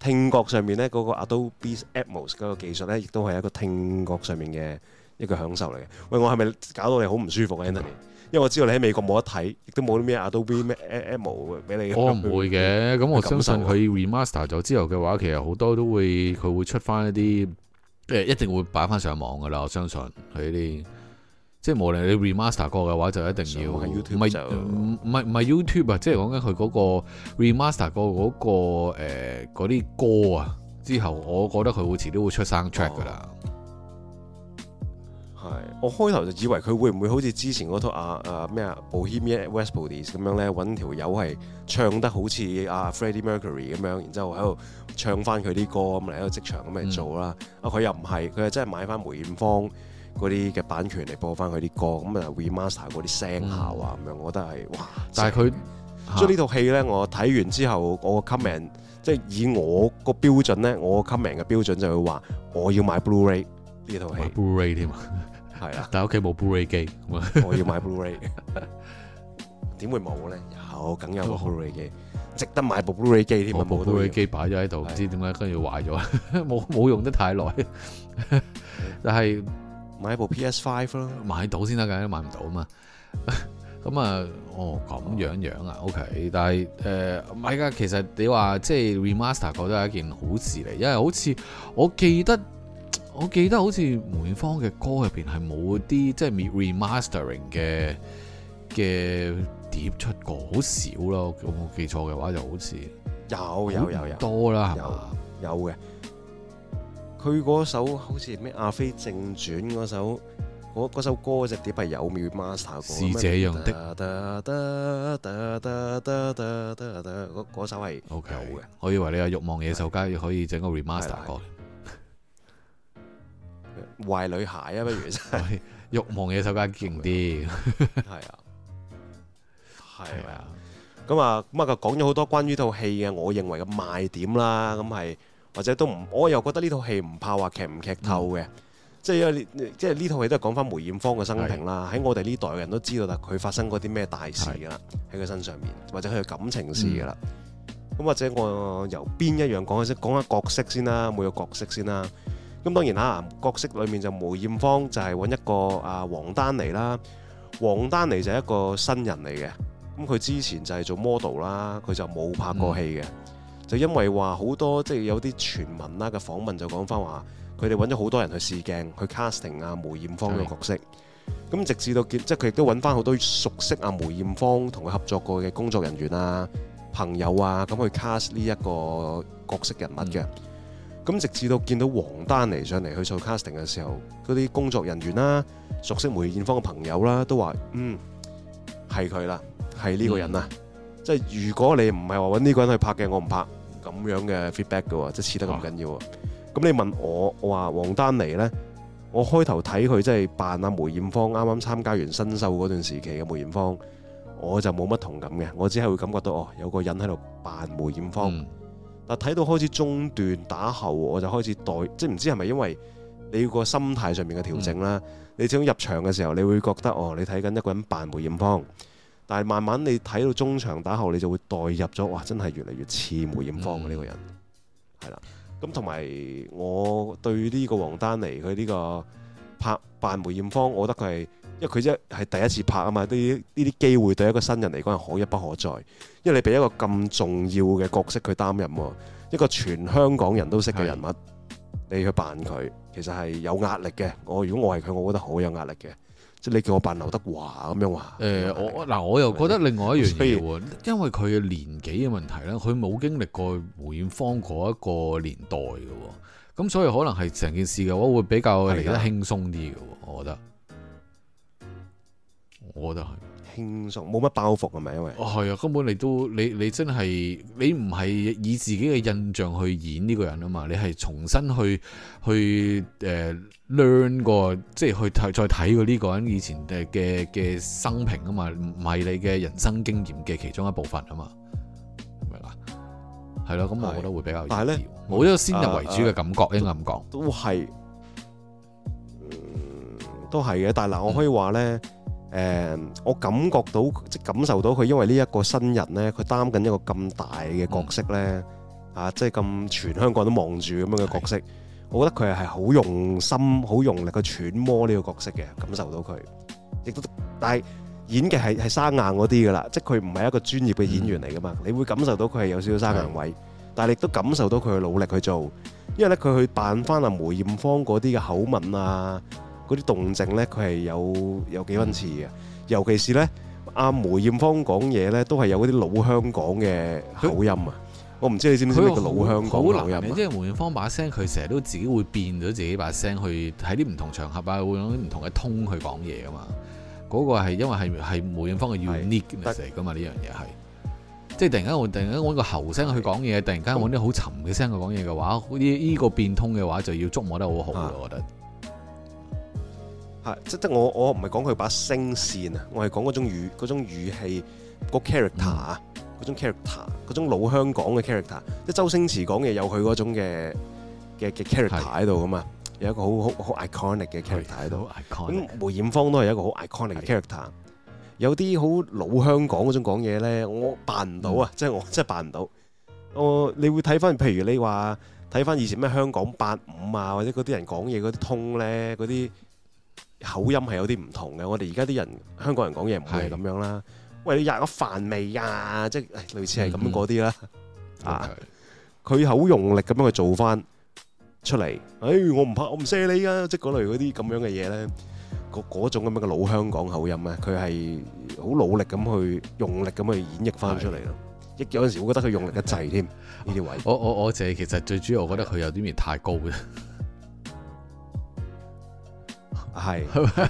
聽覺上面咧，嗰個 Adobe Atmos 嗰個技術咧，亦都係一個聽覺上面嘅一個享受嚟嘅。喂，我係咪搞到你好唔舒服啊，Anthony？因為我知道你喺美國冇得睇，亦都冇啲咩 Adobe Atmos 俾你我。我唔會嘅，咁我相信佢 remaster 咗之後嘅話，其實好多都會佢會出翻一啲，誒一定會擺翻上網噶啦。我相信佢啲。即係無論你 remaster 過嘅話，就一定要 YouTube 唔唔係 YouTube 啊！You you Tube，即係講緊佢嗰個 remaster 過嗰、嗰個嗰啲、呃、歌啊，之後我覺得佢好似都會出新 track 噶啦。係、哦，我開頭就以為佢會唔會好似之前嗰套啊？阿咩啊《Bohemian Rhapsodies》咁樣咧，揾條友係唱得好似啊 Freddie Mercury 咁樣，然之後喺度唱翻佢啲歌咁嚟喺度即場咁嚟做啦。啊、嗯，佢又唔係，佢係真係買翻梅艷芳嗰啲嘅版權嚟播翻佢啲歌，咁啊 remaster 嗰啲聲效啊，咁樣、嗯、我覺得係哇！但係佢即呢套戲咧，我睇完之後，我個 comment 即係以我個標準咧，我個 comment 嘅標準就會話，我要買 Blu-ray 呢套戲。Blu-ray 添啊，係啊， [laughs] 的但係屋企冇 Blu-ray 機， [laughs] 我要買 Blu-ray。點 [laughs] 會冇咧？有，梗有個 Blu-ray 機，值得買部 Blu-ray 機添啊！Blu-ray 機擺咗喺度，唔的知點解跟住壞咗，冇冇的 [laughs] 用得太耐， [laughs] 但係。買一部 PS5 咯，買到先得㗎，買唔到啊嘛。咁、 [laughs] 嗯哦、啊，哦咁樣樣啊，OK 但。但係誒，唔係噶，其實你話即係 remaster 覺得係一件好事嚟，因為好似我記得，我記得好似梅艷芳嘅歌入邊係冇啲即係、就是、remastering 嘅嘅碟出過，好少咯。如果我記錯嘅話，就好似有有有有多啦，有有嘅。佢嗰首好似咩《阿飛正傳》嗰首，嗰嗰首歌嗰隻碟係有 remaster。是這樣的。嗰嗰首係。OK，好嘅，我以為你有慾望野獸街可以整個 remaster 過。壞女孩啊，不如慾望野獸街勁啲。係啊。係啊。咁啊咁啊，講咗好多關於套戲嘅，我認為嘅賣點啦，咁係。或者都唔，我又覺得呢套戲唔怕話劇唔劇透嘅、嗯，即係因為即係呢套戲都係講翻梅艷芳嘅生平啦，喺是我哋呢代嘅人都知道啦，佢發生過啲咩大事噶啦，喺佢是身上面，或者佢嘅感情事噶啦。咁、嗯、或者我由邊一樣講起先，講下角色先啦，每個角色先啦。咁當然啦、嗯啊，角色裡面就梅艷芳就係揾一個啊王丹妮啦，王丹妮就係一個新人嚟嘅，咁佢之前就係做 model 啦，佢就冇拍過戲嘅。嗯就因為話好多即係有啲傳聞啦嘅訪問就講翻話，佢哋揾咗好多人去試鏡去 casting 啊梅艷芳個角色，咁的直至到即係佢亦都揾翻好多熟悉阿梅艷芳同佢合作過嘅工作人員啊朋友啊咁去 cast 呢一個角色人物嘅，咁、嗯、直至到見到王丹妮上嚟去做 casting 嘅時候，嗰啲工作人員啦、啊、熟悉梅艷芳嘅朋友啦、啊、都話：嗯，係佢啦，係呢個人啊！嗯、即係如果你唔係話揾呢個人去拍嘅，我唔拍。咁樣嘅 feedback 嘅喎、哦，即係似得咁緊要喎。咁哇你問我，我話王丹妮呢，我開頭睇佢即係扮阿梅艷芳，啱啱參加完新秀嗰段時期嘅梅艷芳，我就冇乜同感嘅，我只係會感覺到哦，有個人喺度扮梅艷芳。嗯、但睇到開始中段打後，我就開始代，即係唔知係咪因為你個心態上面嘅調整啦。嗯、你始終入場嘅時候，你會覺得哦，你睇緊一個人扮梅艷芳。但係慢慢你睇到中場打後，你就會代入咗，哇！真係越嚟越似梅艷芳嘅呢個人，係啦、嗯。咁同埋我對呢個王丹妮佢呢個拍扮梅艷芳，我覺得佢係，因為佢一係第一次拍啊嘛，呢呢啲機會對一個新人嚟講係可一不可再。因為你俾一個咁重要嘅角色佢擔任，一個全香港人都識嘅人物，是的 你去扮佢，其實係有壓力嘅。我如果我係佢，我覺得好有壓力嘅。即係你叫我扮劉德華咁樣話。誒、欸，我嗱我又覺得另外一樣嘢，以因為佢嘅年紀嘅問題咧，佢冇經歷過梅艷芳嗰一個年代嘅，咁所以可能係成件事嘅話會比較嚟得輕鬆啲嘅，的我覺得。我覺得係。輕鬆，冇乜包袱係咪？因為，係啊，根本你都你你真係你唔係以自己嘅印象去演呢個人啊嘛，你係重新去去誒。呃 learn 過即係去睇再睇過呢個人以前嘅嘅嘅生平啊嘛，唔係你嘅人生經驗嘅其中一部分啊嘛，明唔明啊？係咯，咁我覺得會比較，但係咧冇一個先入為主嘅感覺，啊啊、應該咁講，嗯，都係，都係嘅。但係嗱，我可以話咧，誒、嗯嗯，我感覺到即係感受到佢，因為呢一個新人咧，佢擔緊一個咁大嘅角色咧，嗯、啊、即係咁全香港都望住咁樣嘅角色。我覺得佢係係好用心、好用力去揣摩呢個角色嘅，感受到佢，亦都，但係演技係係生硬嗰啲㗎啦，即係佢唔係一個專業嘅演員嚟㗎嘛，你會感受到佢係有少少生硬位，但係亦都感受到佢嘅努力去做，因為咧佢去扮翻阿梅艷芳嗰啲嘅口吻啊，嗰啲動靜咧佢係有有幾分似嘅，尤其是咧阿梅艷芳講嘢咧都係有嗰啲老香港嘅口音啊。我唔知你知唔知個老香港老人，入即係梅艷芳把聲，佢成日都自己會變咗自己把聲去喺啲唔同場合啊，會用啲唔同嘅通去講嘢啊嘛。嗰、嗰個係因為係係梅艷芳嘅要 need 嚟噶嘛，呢樣嘢係。即係突然間我，我突然間揾個喉聲去講嘢，突然間揾啲好沉嘅聲去講嘢嘅話，呢呢是個變通嘅話就要捉摸得好好是我覺得。係，即即我我唔係講佢把聲線啊，我係講嗰種語嗰種語氣、個 character 啊、嗯。嗰種 character，嗰種老香港嘅 character，即係周星馳講嘢有佢嗰種嘅嘅嘅 character 喺度噶嘛，是有一個好好好 iconic 嘅 character 喺度。Ic I I 梅艷芳都係一個好 iconic 嘅 character，Yeah. 有啲好老香港嗰種講嘢咧，我扮唔到啊！嗯、即係我真係扮唔到。我你會睇返，譬如你話睇返以前咩香港八五啊，或者嗰啲人講嘢嗰啲 tone 咧，嗰啲口音係有啲唔同嘅。我哋而家啲人香港人講嘢唔會係咁樣啦是。佢咪吔我飯未呀、啊？即係類似係咁嗰啲啦，嗯、啊！佢好 Okay. 用力咁樣去做翻出嚟，哎！我唔怕，我唔蝕你啊！即係嗰類嗰啲咁樣嘅嘢咧，個嗰種咁樣嘅老香港口音啊，佢係好努力咁去用力咁去演繹翻出嚟咯。的有陣時會覺得佢用力得滯添呢啲位置我。我我我淨係，其實最主要我覺得佢有啲面太高嘅。 [laughs] 係，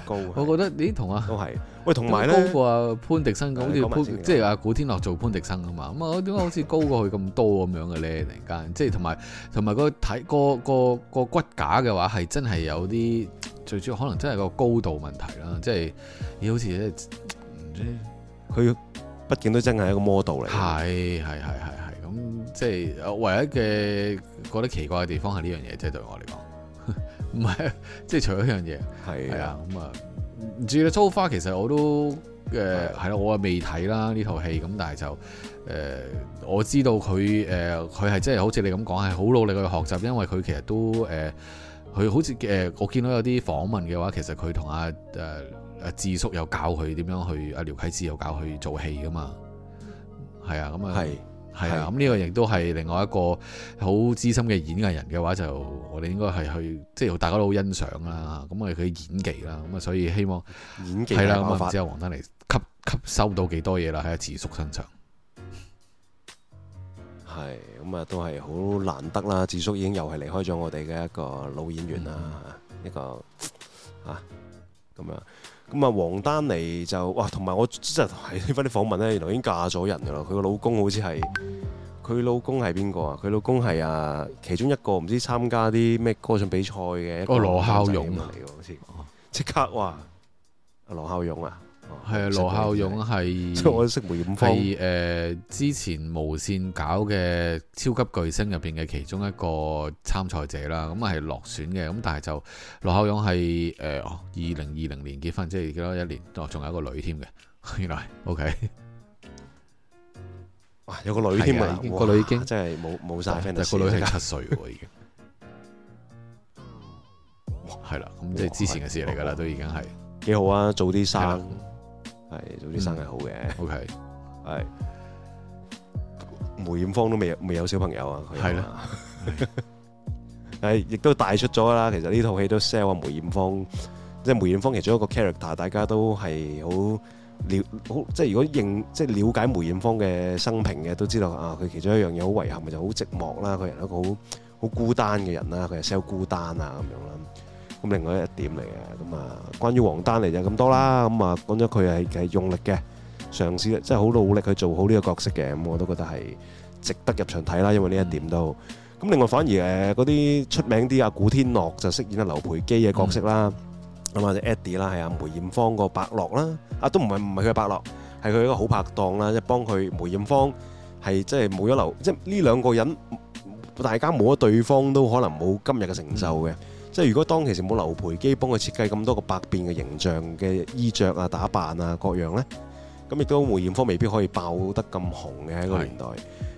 高。我覺得咦，同阿、啊、都係，喂，同埋咧高過阿潘迪生咁，好似即係阿古天樂做潘迪生啊嘛。咁啊，點解好似高過佢咁多咁樣嘅咧？ [laughs] 突然間，即係同埋同埋個睇個個個骨架嘅話，係真係有啲最主要可能真係個高度問題啦。即係你、欸、好似即係唔知佢，畢竟都真係一個 model 嚟。係係係係係，咁、嗯、即係唯一嘅覺得奇怪嘅地方係呢樣嘢，即係對我嚟講。唔係，即係 [laughs] 除咗一樣嘢係啊，咁啊唔知咧。花其實我都誒係啦，我啊未睇啦呢套戲，咁但係就誒、呃、我知道佢誒佢係真係好似你咁講係好努力去學習，因為佢其實都誒佢、呃、好似誒、呃、我見到有啲訪問嘅話，其實佢同阿誒誒智叔教、啊、又教佢點樣去阿廖啟智又教佢做戲噶嘛，係啊，咁、嗯、啊。的係啊，咁呢個亦都係另外一個好資深嘅演藝人嘅話就，就我哋應該係去，即係大家都好欣賞啦。咁啊，佢演技啦，咁啊，所以希望演技係啦，我唔知阿王丹妮吸吸收到幾多嘢啦，喺阿智叔身上。係，咁啊，都係好難得啦。智叔已經又係離開咗我哋嘅一個老演員啦，嗯、一個啊咁樣。咁啊，王丹妮就哇，同埋我即係睇返啲訪問咧，原來已經嫁咗人噶啦。佢個老公好似係，佢老公係邊個啊？佢老公係啊，其中一個唔知參加啲咩歌唱比賽嘅一個、哦、羅孝勇啊，嘅，好似即刻話，羅孝勇啊！係啊，羅孝勇係，即我識梅艷芳，係誒之前無線搞嘅超級巨星入邊嘅其中一個參賽者啦，咁係落選嘅，咁但係就羅孝勇係誒二零二零年結婚，即係幾多一年哦，仲有一個女添嘅，原來 OK，有個女添啊，個女已經真係冇冇晒，但係個女係七歲嘅已經，係啦，咁即係之前嘅事嚟噶啦，都已經係幾好啊，早啲生。係，早啲生係好嘅，嗯。OK，係。梅艷芳都未未有小朋友啊，係咯。誒呢， [laughs] 亦都帶出咗啦。其實呢套戲都 sell 啊，梅艷芳，即係梅艷芳其中一個 character，大家都係好了，好即係如果認即係瞭解梅艷芳嘅生平嘅，都知道啊，佢其中一樣嘢好遺憾嘅就係好寂寞啦，佢係一個好好孤單嘅人啦，佢係 sell 孤單啊咁樣啦。咁另外一點嚟嘅，咁啊，關於王丹嚟就咁多啦。咁啊，講咗佢係係用力嘅，嘗試即係好努力去做好呢個角色嘅。咁我都覺得係值得入場睇啦，因為呢一點都。咁另外反而誒嗰啲出名啲啊，古天樂就飾演阿劉培基嘅角色啦，咁或者 Eddie 啦，係啊梅艷芳個伯樂啦，啊都唔係唔係佢嘅伯樂，係佢一個好拍檔啦，即係幫佢梅艷芳係即係冇咗劉，即係呢兩個人大家冇咗對方都可能冇今日嘅成就嘅。即係如果當其時冇劉培基幫佢設計咁多個百變嘅形象嘅衣著啊、打扮啊各樣呢，咁亦都梅艷芳未必可以爆得咁紅嘅一個年代。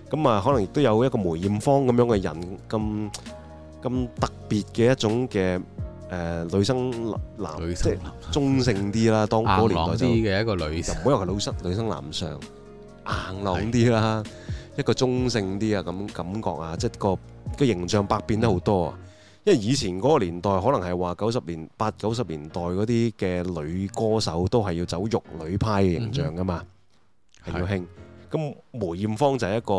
咁啊，可能亦都有一個梅艷芳咁樣嘅人咁咁特別嘅一種嘅誒女生男，即係中性啲啦。當嗰個年代就硬朗啲嘅一個女，唔好話係女生女生男相，硬朗啲啦，一個中性啲啊咁感覺啊，即係個個形象百變得好多啊。因為以前嗰個年代，可能係話九十年八九十年代嗰啲嘅女歌手都係要走玉女派嘅形象噶嘛，係、嗯、要興。咁梅艷芳就係一個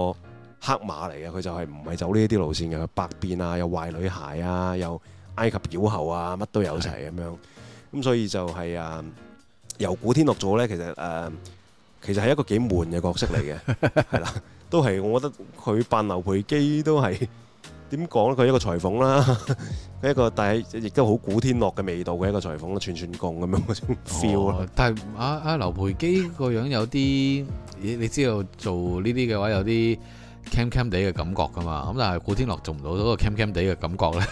黑馬嚟嘅，佢就係唔係走呢啲路線嘅，百變啊，又壞女孩啊，又埃及妖后啊，乜都有齊咁樣。咁的、嗯、所以就係、是、啊，由古天樂做呢，其實誒、呃，其實係一個幾悶嘅角色嚟嘅，係啦是的， [laughs] 都係我覺得佢扮劉培基都係。點講咧？佢一個裁縫啦，佢一個但係亦都好古天樂嘅味道嘅一個裁縫咯，串串貢咁樣嗰種 feel 咯。但係阿阿劉培基個樣有啲，你你知道做呢啲嘅話有啲 cam cam 地嘅感覺㗎嘛。咁但係古天樂做唔到嗰個 cam cam 地嘅感覺咧。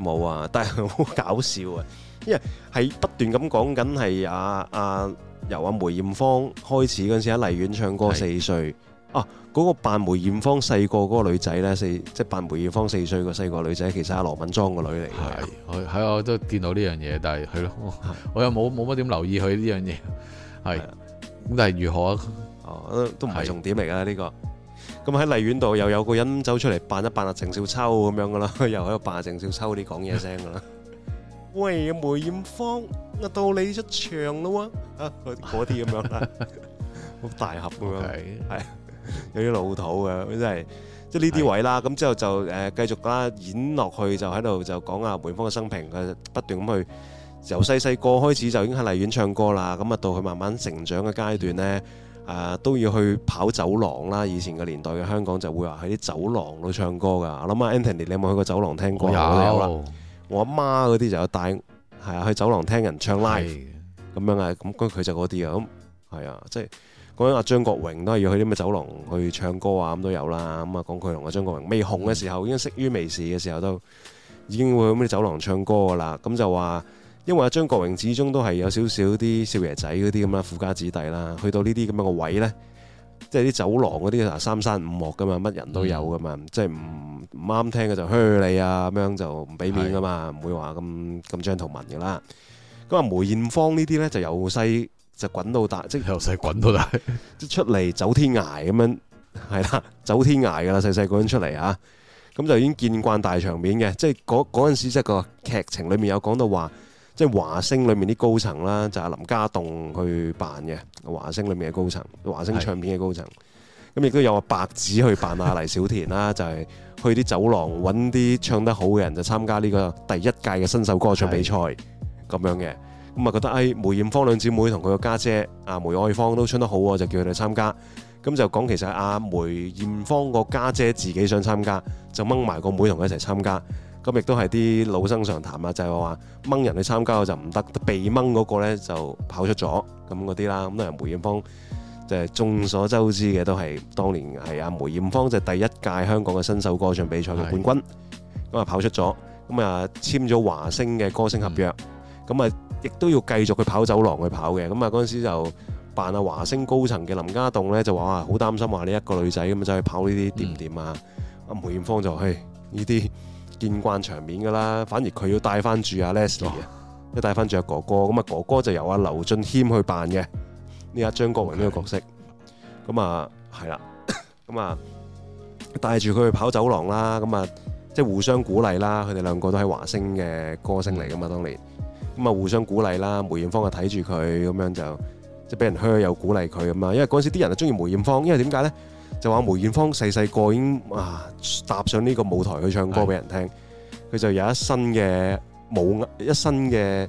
冇、uh huh. 啊！但係好搞笑啊，因為係不斷咁講緊係阿阿由阿梅艷芳開始嗰陣時喺荔園唱歌四歲。啊！嗰、嗰個扮梅艷芳細個嗰個女仔咧，四即係扮梅艷芳四歲個細個女仔，其實阿羅敏莊個女嚟嘅。係是，係我都見到呢樣嘢，但係係咯，我又冇冇乜點留意佢呢樣嘢。係，咁但係如何啊？都唔係重點嚟㗎呢個。咁喺麗苑度又有個人走出嚟扮一扮阿鄭少秋咁樣㗎啦，又喺度扮阿鄭少秋啲講嘢聲㗎啦。 [laughs] 喂，梅艷芳，到你出場啦喎、啊！啊，嗰啲咁樣啦，好 [laughs] [laughs] 大盒㗎喎，係。Okay. [laughs] [laughs] 有啲老土嘅，真係即係呢啲位啦。咁的之後就誒、呃、繼續啦，演落去就喺度就講啊梅艷芳嘅生平，佢不斷咁去由細細個開始就已經喺荔園唱歌啦。咁啊到佢慢慢成長嘅階段呢，啊、呃、都要去跑走廊啦。以前嘅年代嘅香港就會話喺啲走廊度唱歌噶。我諗啊 Anthony 你有冇去過走廊聽歌？嗯、有，我阿媽嗰啲就有帶係啊去走廊聽人唱 live 咁的樣啊。咁佢就嗰啲啊，咁係啊，即係。講緊阿張國榮都係要去啲咩酒廊去唱歌啊，咁都有啦。咁啊講佢同阿張國榮未紅嘅時候已經識於微時嘅時候都已經會去啲酒廊唱歌噶啦，咁就話因為阿張國榮始終都係有少少啲少爺仔嗰啲咁啦富家子弟啦，去到呢啲咁樣嘅位呢，即係啲酒廊嗰啲啊三山五岳噶嘛，乜人都有噶嘛、嗯、即係唔唔啱聽嘅就噓你啊，咁樣就唔俾面噶嘛，唔的會話咁咁張圖文噶啦咁啊梅艷芳呢啲呢，就由細。就滾到大，即係由細滾到大，即係出嚟走天涯咁樣，係啦，走天涯噶啦，細細個出嚟啊，咁就已經見慣大場面嘅，即係嗰嗰陣時，即係個劇情裏面有講到話，即係華星裏面啲高層啦，就阿、是、林家棟去扮嘅，華星裏面嘅高層，華星唱片嘅高層，咁亦都有阿白子去扮阿、啊、黎小田啦，是的 就係去啲走廊揾啲唱得好嘅人就參加呢個第一屆嘅新秀歌唱比賽咁是的 樣嘅。咁啊覺得誒梅艷芳兩姊妹同佢個家姐啊梅愛芳都唱得好喎，就叫佢哋參加。咁就講其實阿梅艷芳個家姐，姐自己想參加，就掹埋個妹同佢一齊參加。咁亦都係啲老生常談啊，就係話掹人去參加嘅就唔得，被掹嗰個咧就跑出咗咁嗰啲啦。咁啊梅、就係、梅艷芳就係眾所周知嘅，都係當年係阿梅艷芳就係第一屆香港嘅新秀歌唱比賽嘅冠軍。咁啊的跑出咗，咁啊簽咗華星嘅歌星合約。咁啊、嗯亦都要繼續去跑走廊去跑嘅，咁啊嗰陣時就扮阿華星高層嘅林家棟咧，就話好擔心話呢一個女仔咁就去跑呢啲掂唔掂啊？阿梅、嗯啊、艷芳就話：呢啲見慣場面㗎啦，反而佢要帶翻住、啊、阿 Leslie，、哦、要帶翻住阿哥哥，咁啊哥哥就由阿、啊、劉俊謙去扮嘅，呢個張國榮呢個角色，咁、嗯、啊係啦，咁啊 [laughs] 帶住佢去跑走廊啦，咁啊即係互相鼓勵啦，佢哋兩個都係華星嘅歌星嚟㗎嘛，當年。咁啊，互相鼓勵啦，梅艷芳又睇住佢，咁樣就即係俾人噓又鼓勵佢咁啊。因為嗰陣時啲人啊中意梅艷芳，因為點解咧？就話梅艷芳細細個已經啊，踏上呢個舞台去唱歌俾人聽，佢就有一身嘅舞，一身嘅點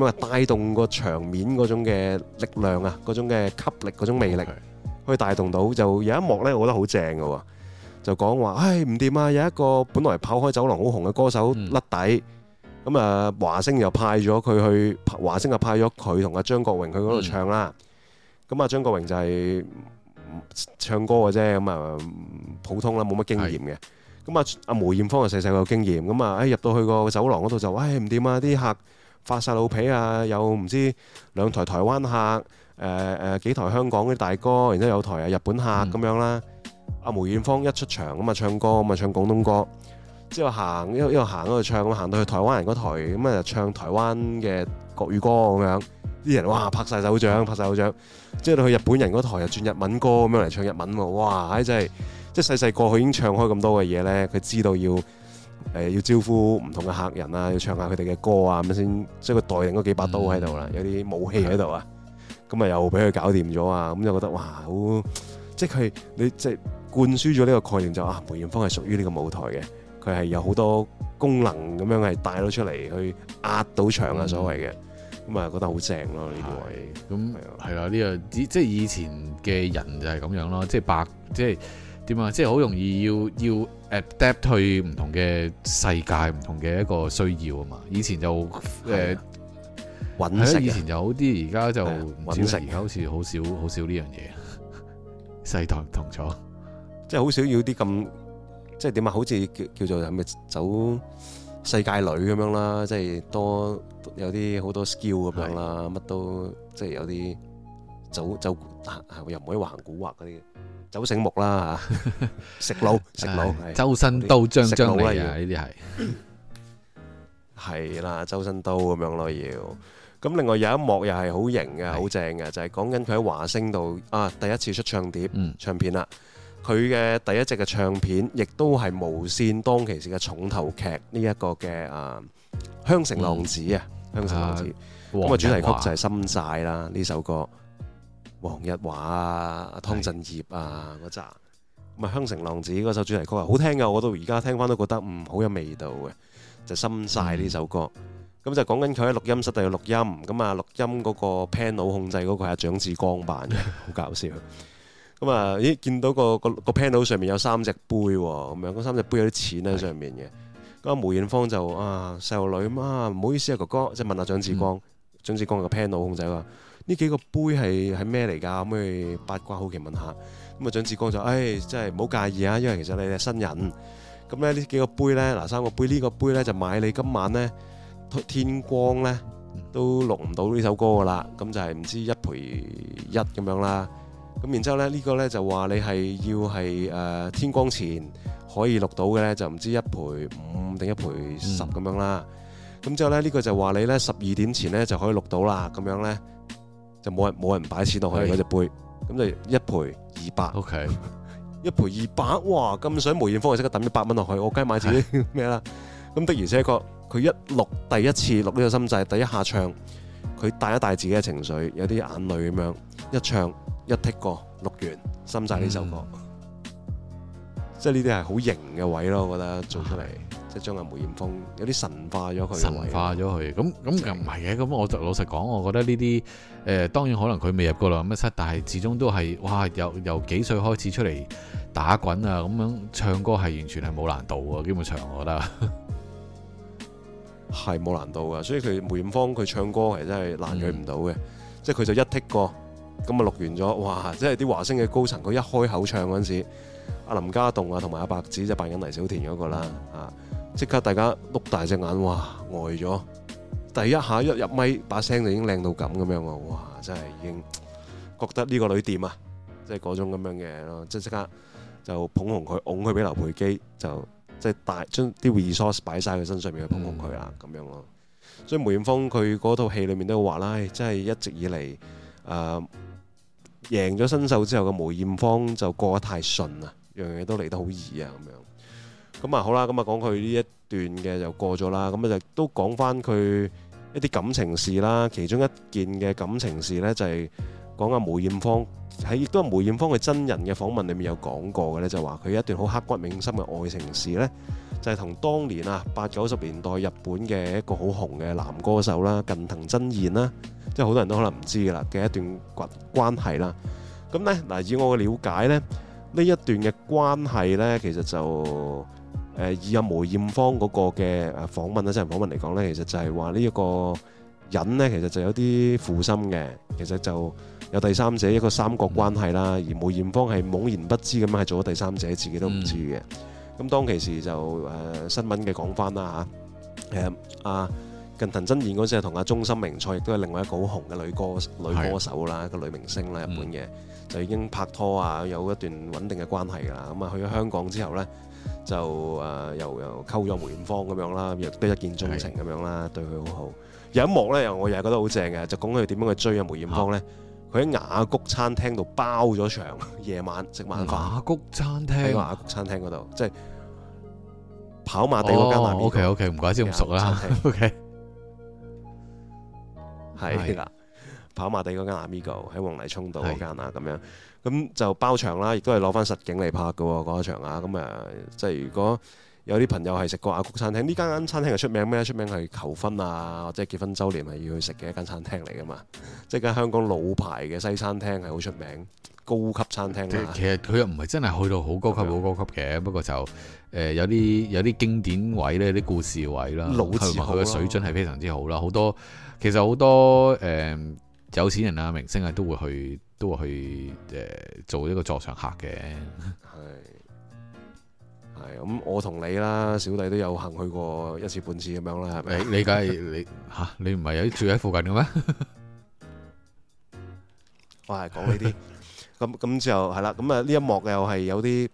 樣啊，帶動個場面嗰種嘅力量啊，嗰種嘅吸力，嗰種魅力，可以帶動到就有一幕咧，我覺得好正㗎喎。就講話唉唔掂啊，有一個本來跑開走廊好紅嘅歌手甩底。咁啊，華星又派咗佢去，華星又派咗佢同阿張國榮去嗰度唱啦。咁啊、嗯，張國榮就係唱歌嘅啫，咁啊普通啦，冇乜經驗嘅。咁啊是，阿梅艷芳就細細個有經驗。咁、哎、啊，喺入到去個走廊嗰度就，唉唔掂啊！啲客發晒老脾啊，有唔知兩台台灣客，誒、呃、誒幾台香港啲大哥，然之後有台啊日本客咁、嗯、樣啦。阿梅艷芳一出場咁啊唱歌，咁啊唱廣東歌。之後行，一路一路行嗰度唱，咁行到去台灣人嗰台，咁啊就唱台灣嘅國語歌咁樣，啲人哇，哇拍晒手掌，拍晒手掌。之後去日本人嗰台又轉日文歌咁樣嚟唱日文喎，哇！唉真係，即係細細個佢已經唱開咁多嘅嘢咧。佢知道要誒、呃、要招呼唔同嘅客人啊，要唱下佢哋嘅歌啊咁先，即係佢代領嗰幾把刀喺度啦，嗯、有啲武器喺度啊。咁啊、嗯嗯、又俾佢搞掂咗啊，咁就覺得哇好，即係佢你即係灌輸咗呢個概念就啊梅艷芳係屬於呢個舞台嘅。佢係有好多功能咁樣係帶到出嚟去壓到場啊！所謂嘅咁啊，嗯、覺得好正咯呢個位咁係啦，呢個對吧 即係以前嘅人就係咁樣咯，即係白，即係點啊？即係好容易要要 adapt 去唔同嘅世界、唔是同嘅一個需要啊嘛！以前就誒揾食，啊、以前就好啲，而家就揾食，而家、啊、好似好少好少呢樣嘢。世代唔同咗， [laughs] [laughs] 即係好少要啲咁。即係點啊？好似叫做係咪走世界女咁樣啦？即係多有啲好多 skill 咁樣啦，乜都即係有啲走走行又唔可以話行古惑嗰啲，走醒目啦嚇，食腦食腦，周身刀張張利啊！呢啲係係啦，周身刀咁樣咯要。咁另外有一幕又係好型嘅，好正嘅，就係講緊佢喺華星度啊，第一次出唱碟嗯唱片啦。佢嘅第一隻嘅唱片，亦都係無線當其時嘅重頭劇呢一、這個嘅啊，《香城浪子》啊，香《香城浪子》咁啊主題曲就係、是《心債》啦，呢首歌，黃日華振啊，湯鎮業啊嗰扎，咁啊《香城浪子》嗰首主題曲啊，好聽噶，我到而家聽翻都覺得唔好有味道嘅，就《心債》呢首歌，咁、嗯、就講緊佢喺錄音室度錄音，咁啊錄音嗰個 panel 控制嗰個係阿蔣志光扮，好、嗯、 [laughs] 搞笑。咁啊！咦，見到個個個 panel 上面有三隻杯，咁樣嗰三隻杯有啲錢喺上面嘅。嗰個梅艷芳就啊，細路女媽唔好意思啊，哥哥即係問下蔣志光，蔣志光個 panel 控仔話：呢幾個杯係係咩嚟㗎？咁咪八卦好奇問下。咁啊，蔣志光就誒，真係唔好介意啊，因為其實你係新人。咁咧呢幾個杯咧，嗱三個杯，呢個杯咧就買你今晚咧天光咧都錄唔到呢首歌㗎啦。咁就係唔知一賠一咁樣啦。咁然之後咧，呢個咧就話你係要係誒天光前可以錄到嘅咧，就唔知一賠五定一賠十咁樣啦、嗯。咁之後咧，呢個就話你咧十二點前咧就可以錄到啦。咁樣咧就冇人冇人擺錢落去嗰隻杯，咁對就一賠二百。O Okay . K. [laughs] 一賠二百，哇！咁想梅艷芳，我即刻抌一百蚊落去，我梗係買自己咩啦是？咁 [laughs] 的而且確，佢一錄第一次錄呢個心債，第一下唱，佢帶一帶自己嘅情緒，有啲眼淚咁樣一唱。一剔過錄完，心晒呢首歌，嗯、即係呢啲係好型嘅位咯。我覺得做出嚟，是即係將阿梅艷芳有啲神化咗佢。神化咗佢，咁咁又唔係嘅。咁、就是、我就老實講，我覺得呢啲誒，當然可能佢未入過流乜室，但係始終都係，哇！由由幾歲開始出嚟打滾啊，咁樣唱歌係完全係冇難度嘅，基本上我覺得係冇 [laughs] 難度嘅。所以佢梅艷芳佢唱歌係真係難佢唔到嘅，嗯、即係佢就一剔過。咁啊錄完咗，哇！即係啲華星嘅高層，佢一開口唱嗰陣時，阿林家棟啊，同埋阿白子就扮緊黎小田嗰、嗰個啦，啊！即刻大家碌大隻眼，哇！呆咗，第一下一入咪，把聲就已經靚到咁咁樣喎，哇！真係已經覺得呢個女店啊，即係嗰種咁樣嘅咯，即係即刻就捧紅佢，擁佢俾劉培基，就即係大將啲 resource 擺晒佢身上面、嗯、去捧紅佢啦，咁樣咯。所以梅艷芳佢嗰套戲裡面都話啦，即、哎、係一直以嚟，誒、呃。贏咗新秀之後嘅梅艷芳就過得太順啦，樣樣都嚟得好易啊咁樣。咁啊好啦，咁啊講佢呢一段嘅就過咗啦，咁啊就都講翻佢一啲感情事啦。其中一件嘅感情事呢，就係講阿梅艷芳喺亦都係梅艷芳嘅真人嘅訪問裏面有講過嘅呢，就話佢一段好刻骨銘心嘅愛情事呢，就係同當年啊八九十年代日本嘅一個好紅嘅男歌手啦，近藤真彥啦。即係好多人都可能唔知嘅啦嘅一段關關係啦，咁咧嗱以我嘅瞭解咧，呢一段嘅關係咧，其實就誒以阿梅艷芳嗰個嘅訪問啊，真係訪問嚟講咧，其實就係話呢一個人咧，其實就有啲負心嘅，其實就有第三者一個三角關係啦，而梅艷芳係懵然不知咁樣係做咗第三者，自己都唔知嘅。咁當其時就誒新聞嘅講翻啦嚇誒啊！近藤真彥嗰陣時，同阿中森明菜，亦都係另外一個好紅嘅女歌女歌手啦的，一個女明星啦，日本嘅、嗯、就已經拍拖啊，有一段穩定嘅關係㗎啦。咁啊、嗯、去咗香港之後咧，就誒、呃、又又溝咗梅艷芳咁樣啦，亦都一見鍾情咁樣啦，的對佢好好。有一幕咧，我又係覺得好正嘅，就講佢點樣去追啊梅艷芳咧，佢喺雅谷餐廳度包咗場夜晚食晚飯。雅谷餐廳，雅谷餐廳嗰度，即係跑馬地嗰間。哦，OK OK，唔怪之唔熟啦。 [laughs] Okay. [laughs] 係啦，跑馬地嗰間 Amigo 喺黃泥涌道嗰間啊，咁的樣咁就包場啦，亦都係攞翻實景嚟拍嘅嗰場啊。咁啊，即係如果有啲朋友係食過阿谷餐廳，呢間餐廳係出名咩？出名係求婚啊，或者結婚周年係要去食嘅一間餐廳嚟噶嘛。 [laughs] 即係間香港老牌嘅西餐廳係好出名，高級餐廳。其實佢又唔係真係去到好高級好高級嘅，的不過就誒有啲有啲經典位咧，有啲故事位啦，同埋佢嘅水準係非常之好啦，好多。其實好多誒有錢人啊、明星啊都會去，都會去誒做一個座上客嘅。係係咁，我同你啦，小弟都有行去過一次、半次咁樣啦，係咪？你梗係你吓，你唔係有啲住喺附近嘅咩？我係講呢啲，咁咁就係啦，咁啊呢一幕又係有啲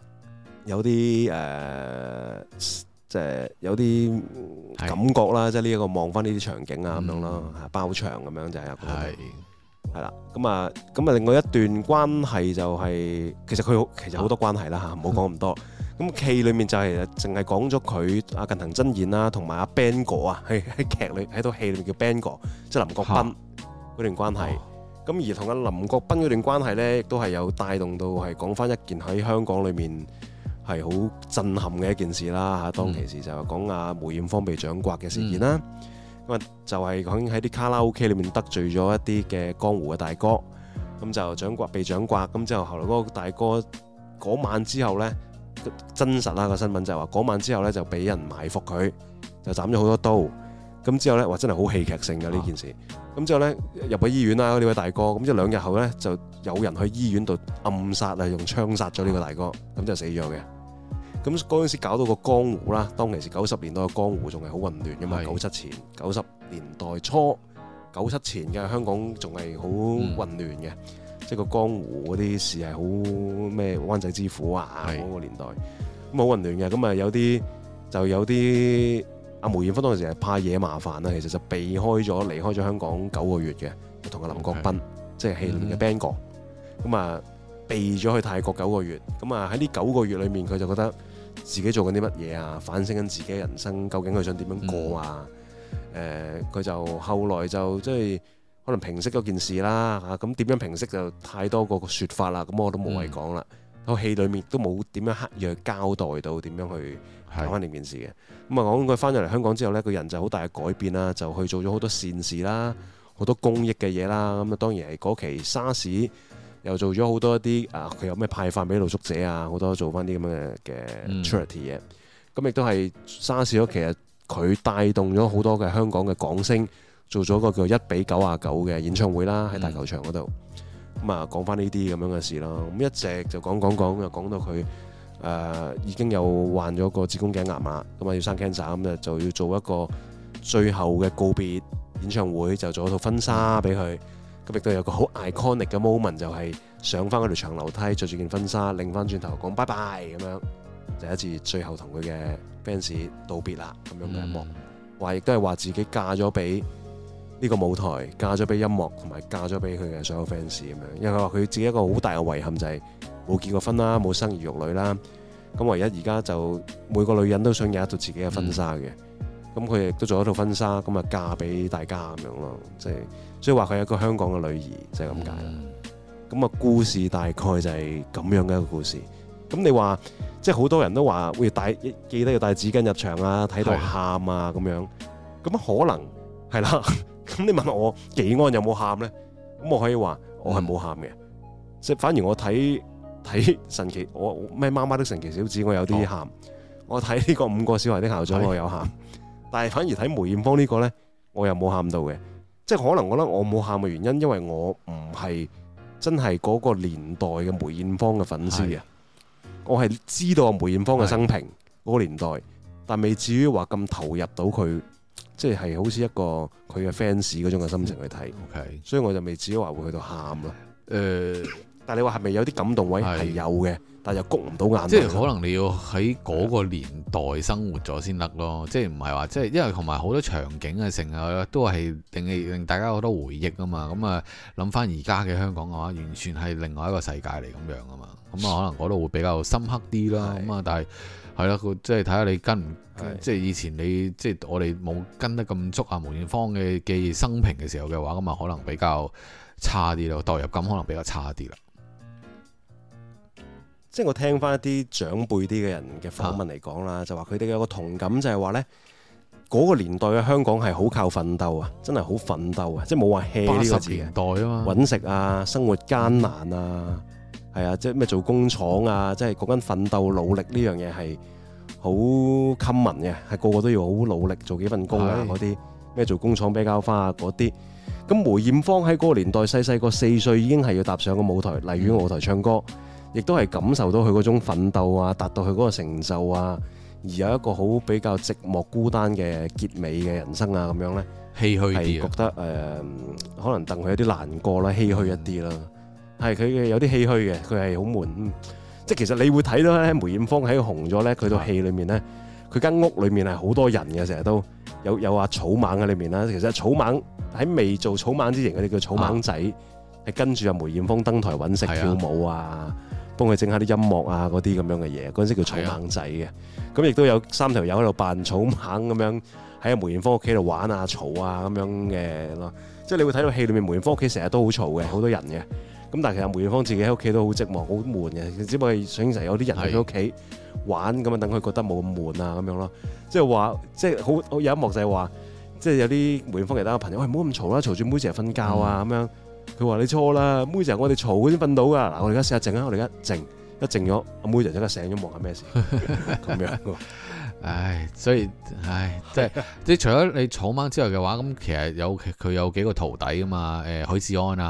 有啲誒。即係有啲感覺啦，即係呢一個望翻呢啲場景啊咁樣咯，嗯、包場咁樣就係。係係啦，咁啊，咁啊，另外一段關係就係、是、其實佢其實好多關係啦吓，唔好講咁多。咁戲裏面就係淨係講咗佢阿近藤真彥啦、啊，同埋阿 Ben 哥啊，喺 [laughs] 劇裏喺度戲裏面叫 Ben 哥，即、就、係、是、林國斌嗰、啊、段關係。咁、啊、而同阿林國斌嗰段關係咧，亦都係有帶動到係講翻一件喺香港裏面。係好震撼嘅一件事啦嚇，當其時就係講阿梅艷芳被掌摑嘅事件啦。咁啊、嗯、就係講喺啲卡拉 OK 裏面得罪咗一啲嘅江湖嘅大哥，咁就掌摑被掌摑，咁之後後來嗰個大哥嗰晚之後咧，真實啦個新聞就係話嗰晚之後咧就俾人埋伏佢，就斬咗好多刀，咁之後咧話真係好戲劇性嘅呢、啊、件事，咁之後咧入咗醫院啦呢位大哥，咁即係兩日後咧就有人去醫院度暗殺啊用槍殺咗呢個大哥，咁、啊、就死咗嘅。咁嗰陣時搞到個江湖啦，當其時九十年代嘅江湖仲係好混亂㗎嘛，是九七前，九十年代初，九七前嘅香港仲係好混亂嘅，嗯、即係個江湖嗰啲事係好咩灣仔之虎啊嗰是個年代，咁、嗯、好混亂嘅，咁啊有啲就有啲阿梅艷芳。當時係怕嘢麻煩啊，其實就避開咗離開咗香港九個月嘅，同阿林國斌 Okay. 即係戲裏嘅 band 哥，咁啊、嗯、哼避咗去泰國九個月，咁啊喺呢九個月裏面佢就覺得。自己做緊啲乜嘢啊？反省緊自己人生，究竟佢想點樣過啊？誒、嗯呃，佢就後來就即係可能平息嗰件事啦嚇。咁、啊、點樣平息就太多個説法啦。咁我都冇係講啦。個、嗯、戲裡面都冇點樣刻意去交代到點樣去講翻呢件事嘅。咁啊講佢翻咗嚟香港之後呢，個人就好大嘅改變啦，就去做咗好多善事啦，好多公益嘅嘢啦。咁啊當然係嗰期沙士。又做咗好多一啲啊，佢有咩派發俾露宿者啊，好多做翻啲咁嘅嘅 charity 嘢，嗯，咁、嗯、亦都係沙士咗。其實佢帶動咗好多嘅香港嘅港星做咗個叫一比九啊九嘅演唱會啦，喺大球場嗰度。咁、嗯、啊、嗯嗯，講翻呢啲咁樣嘅事咯。咁、嗯、一直就講講講又講到佢誒、呃、已經有患咗個子宮頸癌啊。咁、嗯、啊要生 cancer 咁啊就要做一個最後嘅告別演唱會，就做一套婚紗俾佢。亦都有個好 iconic 嘅 moment，就係上翻嗰條長樓梯，着住件婚紗，擰翻轉頭講拜拜咁樣，第一次最後同佢嘅 fans 道別啦，咁樣嘅一幕。話亦都係話自己嫁咗俾呢個舞台，嫁咗俾音樂，同埋嫁咗俾佢嘅所有 fans 咁樣。因為佢話佢自己一個好大嘅遺憾就係冇結過婚啦，冇生兒育女啦。咁唯一而家就每個女人都想有一套自己嘅婚紗嘅。咁佢亦都做一套婚紗，咁啊嫁俾大家咁樣咯，即係。所以話佢係一個香港嘅女兒就係咁解，咁啊、mm hmm. 故事大概就係咁樣嘅一個故事。咁你話即係好多人都話會要帶記得要帶紙巾入場啊，睇到喊啊咁樣。咁可能係啦。咁 [laughs] 你問我幾安有冇喊咧？咁我可以話我係冇喊嘅。即係、mm hmm. 反而我睇睇神奇我咩媽媽的神奇小子我有啲喊，oh. 我睇呢個五個小孩的校長的我有喊，但係反而睇梅艷芳個呢個咧，我又冇喊到嘅。即係可能，我覺得我冇喊嘅原因，因為我唔係真係嗰個年代嘅梅艷芳嘅粉絲嘅，是我係知道梅艷芳嘅生平嗰是個年代，但未至於話咁投入到佢，即、就、係、是、好似一個佢嘅 fans 嗰種嘅心情去睇，嗯 okay、所以我就未至於話會去到喊咯。誒、呃，但係你話係咪有啲感動位係是有嘅？但又谷唔到眼，即係可能你要喺嗰個年代生活咗先得咯，的即係唔係話即係，因為同埋好多場景啊、成啊，都係令令大家好多回憶啊嘛。咁啊諗翻而家嘅香港嘅話，完全係另外一個世界嚟，咁樣啊嘛。咁啊的，可能嗰度會比較深刻啲啦。咁啊的，但係係啦，即係睇下你跟，唔的即係以前你即係我哋冇跟得咁足啊，梅艷芳嘅嘅生平嘅時候嘅話，咁啊可能比較差啲咯，代入感可能比較差啲啦。即係我聽翻一啲長輩啲嘅人嘅訪問嚟講啦，啊、就話佢哋有個同感就，就係話咧嗰個年代嘅香港係好靠奮鬥啊，真係好奮鬥啊，即係冇話 hea 呢個字啊，年代啊嘛，搵食啊，生活艱難啊，係、嗯、啊，即係咩做工廠啊，即係講緊奮鬥、努力呢樣嘢係好 common 嘅，係個個都要好努力做幾份工啊嗰啲咩做工廠比較花啊嗰啲。咁梅艷芳喺嗰個年代細細個四歲已經係要踏上個舞台，荔園舞台唱歌。嗯嗯。亦都係感受到佢嗰種奮鬥啊，達到佢嗰個成就啊，而有一個好比較寂寞孤單嘅結尾嘅人生啊，咁樣咧，唏噓啲啊，係覺得誒、呃，可能戥佢有啲難過啦，唏噓一啲啦，係佢嘅有啲唏噓嘅，佢係好悶，即係其實你會睇到咧，梅艷芳喺紅咗咧，佢套戲裏面咧，佢間的屋裏面係好多人嘅，成日都有有阿、啊、草蜢喺裏面啦。其實草蜢喺未做草蜢之前，佢哋叫草蜢仔，係跟住阿梅艷芳登台揾食跳舞啊。對幫佢整下啲音樂啊，嗰啲咁樣嘅嘢，嗰陣時叫草蜢仔嘅。咁亦都有三條友喺度扮草蜢咁樣，喺阿梅艷芳屋企度玩啊嘈啊咁樣嘅咯。即係你會睇到戲裡面梅艷芳屋企成日都好嘈嘅，好多人嘅。咁但係其實梅艷芳自己喺屋企都好寂寞好悶嘅，只不過係想成日有啲人喺佢屋企玩咁樣，等佢覺得冇咁悶啊咁樣咯。即係話即係好有一幕就係話，即係有啲梅艷芳其他朋友，喂，唔好咁嘈啦，嘈住妹仔瞓覺啊咁樣。佢話你錯啦，妹仔，我哋嘈啲瞓到噶。嗱，我哋而家試下靜啊，我哋而家靜一靜咗，阿妹仔即刻醒咗，望下咩事咁 [laughs] 樣。 [laughs] 唉，所以唉，即係你除咗你草蜢之外嘅話，咁其實有佢有幾個徒弟㗎嘛。誒，許志安啊、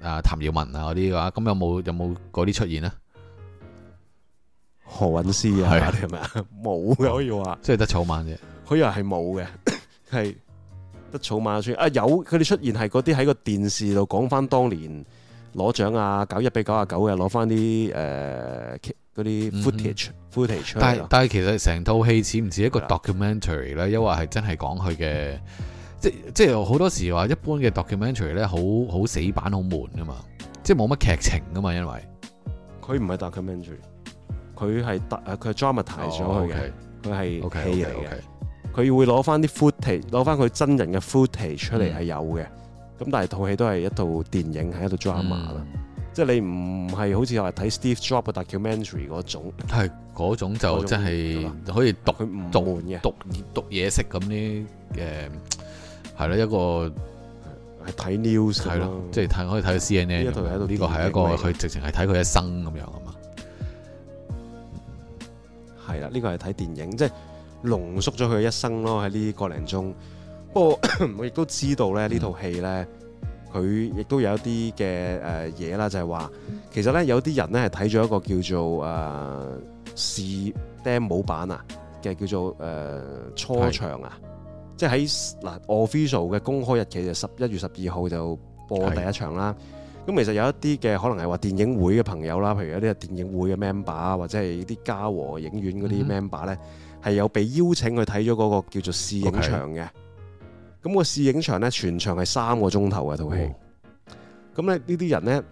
啊，啊譚耀文啊嗰啲嘅話，咁有冇有冇嗰啲出現啊？何韻詩啊，係咪啊？冇 [laughs] 嘅可以話，即係得草蜢啫。佢以為係冇嘅，係。 [laughs] 得草碼出啊！有佢哋出現係嗰啲喺個電視度講翻當年攞獎啊，搞一比九廿九嘅攞翻啲誒嗰啲 footage、嗯。footage 但係來但係其實成套戲似唔似一個 documentary 咧？因為係真係講佢嘅，即即係好多時話一般嘅 documentary 咧，好好死板好悶噶嘛，即係冇乜劇情噶嘛，因為佢唔係 documentary，佢係特佢係 drama 咗佢嘅，佢係、哦 okay、戲嚟嘅。Okay, okay, okay. 佢會攞翻啲 footage，攞翻佢真人嘅 footage 出嚟係有嘅。咁、嗯、但係套戲都係一套電影，係一套 drama 啦、嗯。即係你唔係好似話睇 Steve Jobs documentary 嗰種，係嗰種就真係可以讀佢唔讀嘅，讀讀嘢食咁呢，誒，係咯、呃，一個係睇 news 係咯，即係可以睇佢 CNN 呢個係一個佢直情係睇佢一生咁樣啊嘛。係啦，呢個係睇電影即係。濃縮咗佢一生咯，喺呢個零鐘。不過我亦都知道咧，呢套戲咧佢亦都有一啲嘅誒嘢啦，就係話其實咧有啲人咧係睇咗一個叫做誒、呃、試 demo 版啊嘅叫做誒、呃、初場啊，是即係喺嗱 official 嘅公開日期就十一月十二號就播第一場啦。咁是其實有一啲嘅可能係話電影會嘅朋友啦，譬如有啲係電影會嘅 member 啊，或者係啲嘉禾影院嗰啲 member 咧、嗯。係有被邀請去睇咗嗰個叫做試影場嘅，咁 Okay. 個試影場呢，全場係三個鐘頭嘅套戲。咁咧呢啲人呢，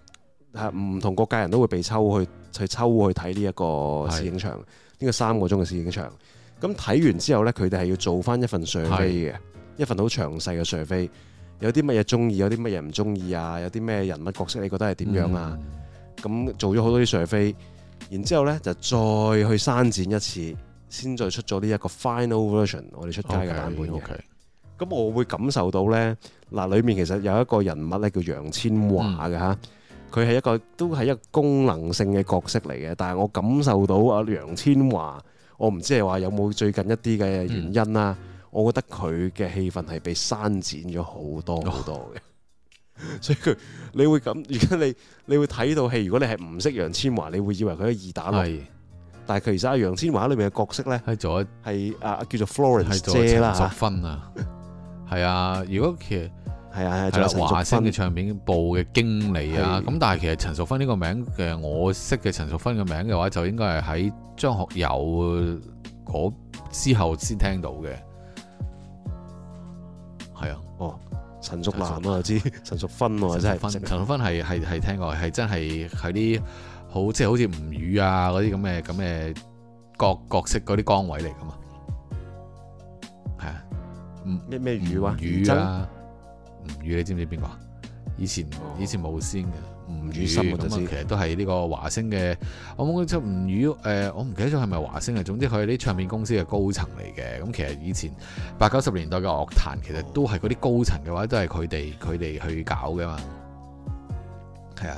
係唔同國家人都會被抽去去抽去睇呢一個試影場，呢 Okay. 個三個鐘嘅試影場。咁睇完之後呢，佢哋係要做翻一份上飛嘅，Okay. 一份好詳細嘅上飛，有啲乜嘢中意，有啲乜嘢唔中意啊？有啲咩人物角色你覺得係點樣啊？咁、mm hmm. 做咗好多啲上飛，然之後呢，就再去刪剪一次。先再出咗呢一個 final version，我哋出街嘅版本。咁 Okay, okay. 我會感受到呢。嗱，裏面其實有一個人物咧叫楊千嬅嘅嚇，佢係、嗯、一個都係一個功能性嘅角色嚟嘅。但係我感受到阿楊千嬅，我唔知係話有冇最近一啲嘅原因啦。嗯、我覺得佢嘅戲份係被刪剪咗好多好多嘅，哦、 [laughs] [laughs] 所以佢你會咁？如果你你會睇到戲？如果你係唔識楊千嬅，你會以為佢係二打六。但係其實而家楊千嬅裏面嘅角色咧，係做係啊叫做 Florence 姐啦，陳淑芬啊，係啊。如果其實係啊，做華星嘅唱片部嘅經理啊。咁但係其實陳淑芬呢個名嘅，我識嘅陳淑芬嘅名嘅話，就應該係喺張學友嗰之後先聽到嘅。係啊，哦，陳淑蘭，我知陳淑芬喎，真係陳淑芬係係係聽過，係真係喺啲。好即係好似吳宇啊嗰啲咁嘅咁嘅角角色嗰啲崗位嚟噶嘛係啊，咩咩宇啊，吳宇、啊、真你知唔知邊個啊？以前以前無綫嘅吳宇，咁啊、哦、其實都係呢個華星嘅。嗯、我唔記得吳宇誒，我唔記得咗係咪華星啊。總之佢係啲唱片公司嘅高層嚟嘅。咁其實以前八九十年代嘅樂壇，其實都係嗰啲高層嘅話，都係佢哋佢哋去搞嘅嘛，係啊。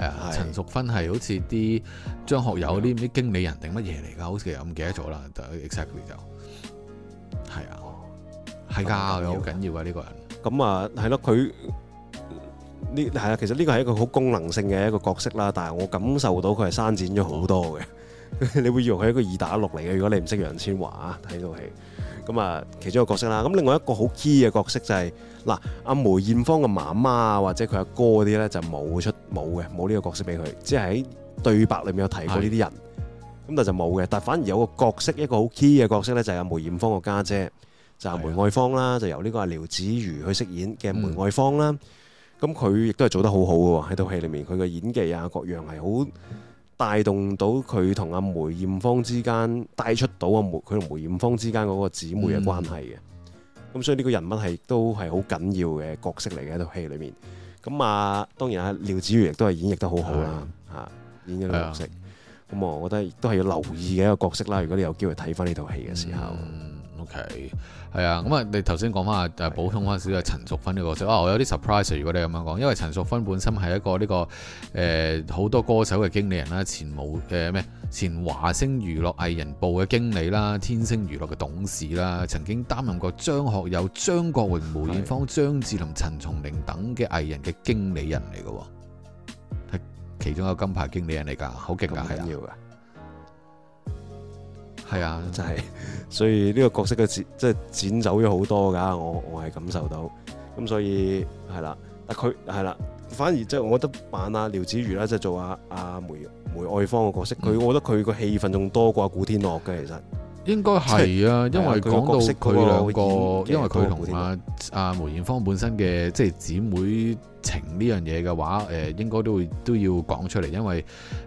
係陳淑芬係好似啲張學友啲唔知經理人定乜嘢嚟噶，好似又唔記得咗啦。的 exactly 就係啊，係噶、嗯，好緊要啊呢、嗯、個人。咁啊，係咯，佢呢係啊，其實呢個係一個好功能性嘅一個角色啦。但係我感受到佢係刪剪咗好多嘅。 [laughs] 你會以為佢係一個二打六嚟嘅，如果你唔識楊千嬅啊睇呢套戲。咁啊，其中一個角色啦。咁另外一個好 key 嘅角色就係、是。嗱，阿、啊、梅艷芳嘅媽媽啊，或者佢阿哥嗰啲咧，就冇出冇嘅，冇呢個角色俾佢。即係喺對白裏面有提過呢啲人，咁是的 但就冇嘅。但反而有個角色，一個好 key 嘅角色咧，就係、是、阿梅艷芳個家姐，姐，就係梅愛芳啦。是的 就由呢個阿、啊、廖子妤去飾演嘅梅愛芳啦。咁佢亦都係做得好好喎，喺套戲裏面佢嘅演技啊各樣係好帶動到佢同阿梅艷芳之間帶出到阿梅佢同梅艷芳之間嗰個姊妹嘅關係嘅。嗯嗯咁所以呢個人物係都係好緊要嘅角色嚟嘅一套戲裏面。咁啊，當然啊，廖子妤亦都係演繹得好好啦，嚇的演繹嘅角色。咁的我覺得都係要留意嘅一個角色啦。如果你有機會睇翻呢套戲嘅時候。嗯，okay. 係啊，咁啊，你頭先講翻啊，補充翻少少陳淑芬呢個角色的啊，我有啲 surprise，如果你咁樣講，因為陳淑芬本身係一個呢個誒好、呃、多歌手嘅經理人啦，前冇誒咩前華星娛樂藝人部嘅經理啦，天星娛樂嘅董事啦，曾經擔任過張學友、張國榮、梅艷芳、的張智霖、陳松伶等嘅藝人嘅經理人嚟㗎，係其中一個金牌經理人嚟㗎，好勁㗎，係要㗎！係啊，真係、就是，所以呢個角色嘅剪即係剪走咗好多㗎。我我係感受到，咁所以係啦，但佢係啦，反而即係我覺得扮阿廖子妤啦、啊，即、就、係、是、做阿、啊、阿、啊、梅梅愛芳個角色，佢、嗯、我覺得佢個戲份仲多過古天樂嘅其實。應該係是啊、呃該，因為講到佢兩個，因為佢同阿阿梅艷芳本身嘅即係姊妹情呢樣嘢嘅話，誒應該都會都要講出嚟，因為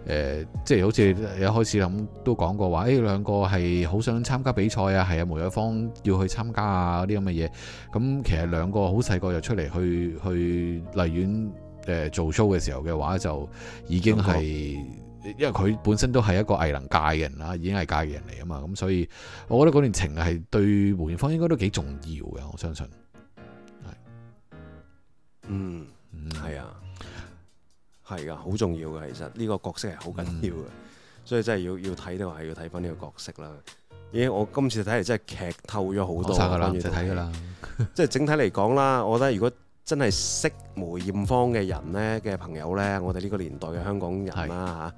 誒即係好似一開始咁都講過話，誒、哎、兩個係好想參加比賽啊，係啊，梅艷芳要去參加啊嗰啲咁嘅嘢。咁其實兩個好細個就出嚟去去荔園誒做 show 嘅時候嘅、呃、話，就已經係。嗯嗯嗯嗯因為佢本身都係一個藝能界嘅人啦，已演藝界嘅人嚟啊嘛，咁所以我覺得嗰段情係對梅艷芳應該都幾重要嘅，我相信係，嗯，係啊，係啊，好重要嘅，其實呢個角色係好緊要嘅，嗯、所以真係要要睇的話要睇翻呢個角色啦。咦、欸，我今次睇嚟真係劇透咗好多，跟住睇啦，即係 [laughs] 整體嚟講啦，我覺得如果真係識梅艷芳嘅人呢嘅朋友呢，我哋呢個年代嘅香港人啦吓。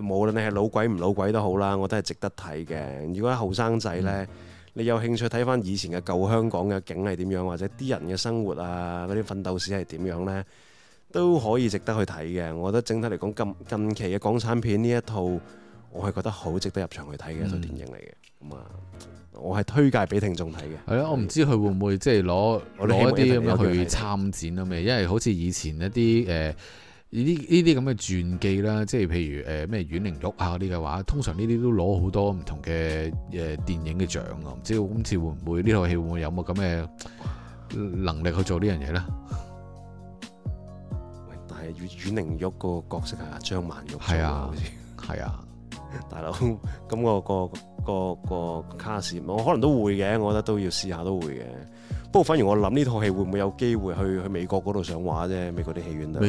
無論你係老鬼唔老鬼都好啦，我都係值得睇嘅。如果後生仔呢，嗯、你有興趣睇翻以前嘅舊香港嘅景係點樣，或者啲人嘅生活啊，嗰啲奮鬥史係點樣呢，都可以值得去睇嘅。我覺得整體嚟講，近近期嘅港產片呢一套，我係覺得好值得入場去睇嘅一套電影嚟嘅。咁啊、嗯嗯，我係推介俾聽眾睇嘅。係、就、啊、是，我唔知佢會唔會即係攞攞一啲咁樣去參展咯咪，的因為好似以前一啲誒。呃呢呢啲咁嘅傳記啦，即係譬如誒咩、呃、阮玲玉啊嗰啲嘅話，通常呢啲都攞好多唔同嘅誒、呃、電影嘅獎㗎，唔知今次會唔會呢套戲會唔會有冇咁嘅能力去做呢樣嘢咧？喂，但係阮阮玲玉個角色係張曼玉，係啊，係啊，大佬，咁個個個個，個卡士，我可能都會嘅，我覺得都要試下都會嘅。不過反而我諗呢套戲會唔會有機會去去美國嗰度上畫啫？美國啲戲院度。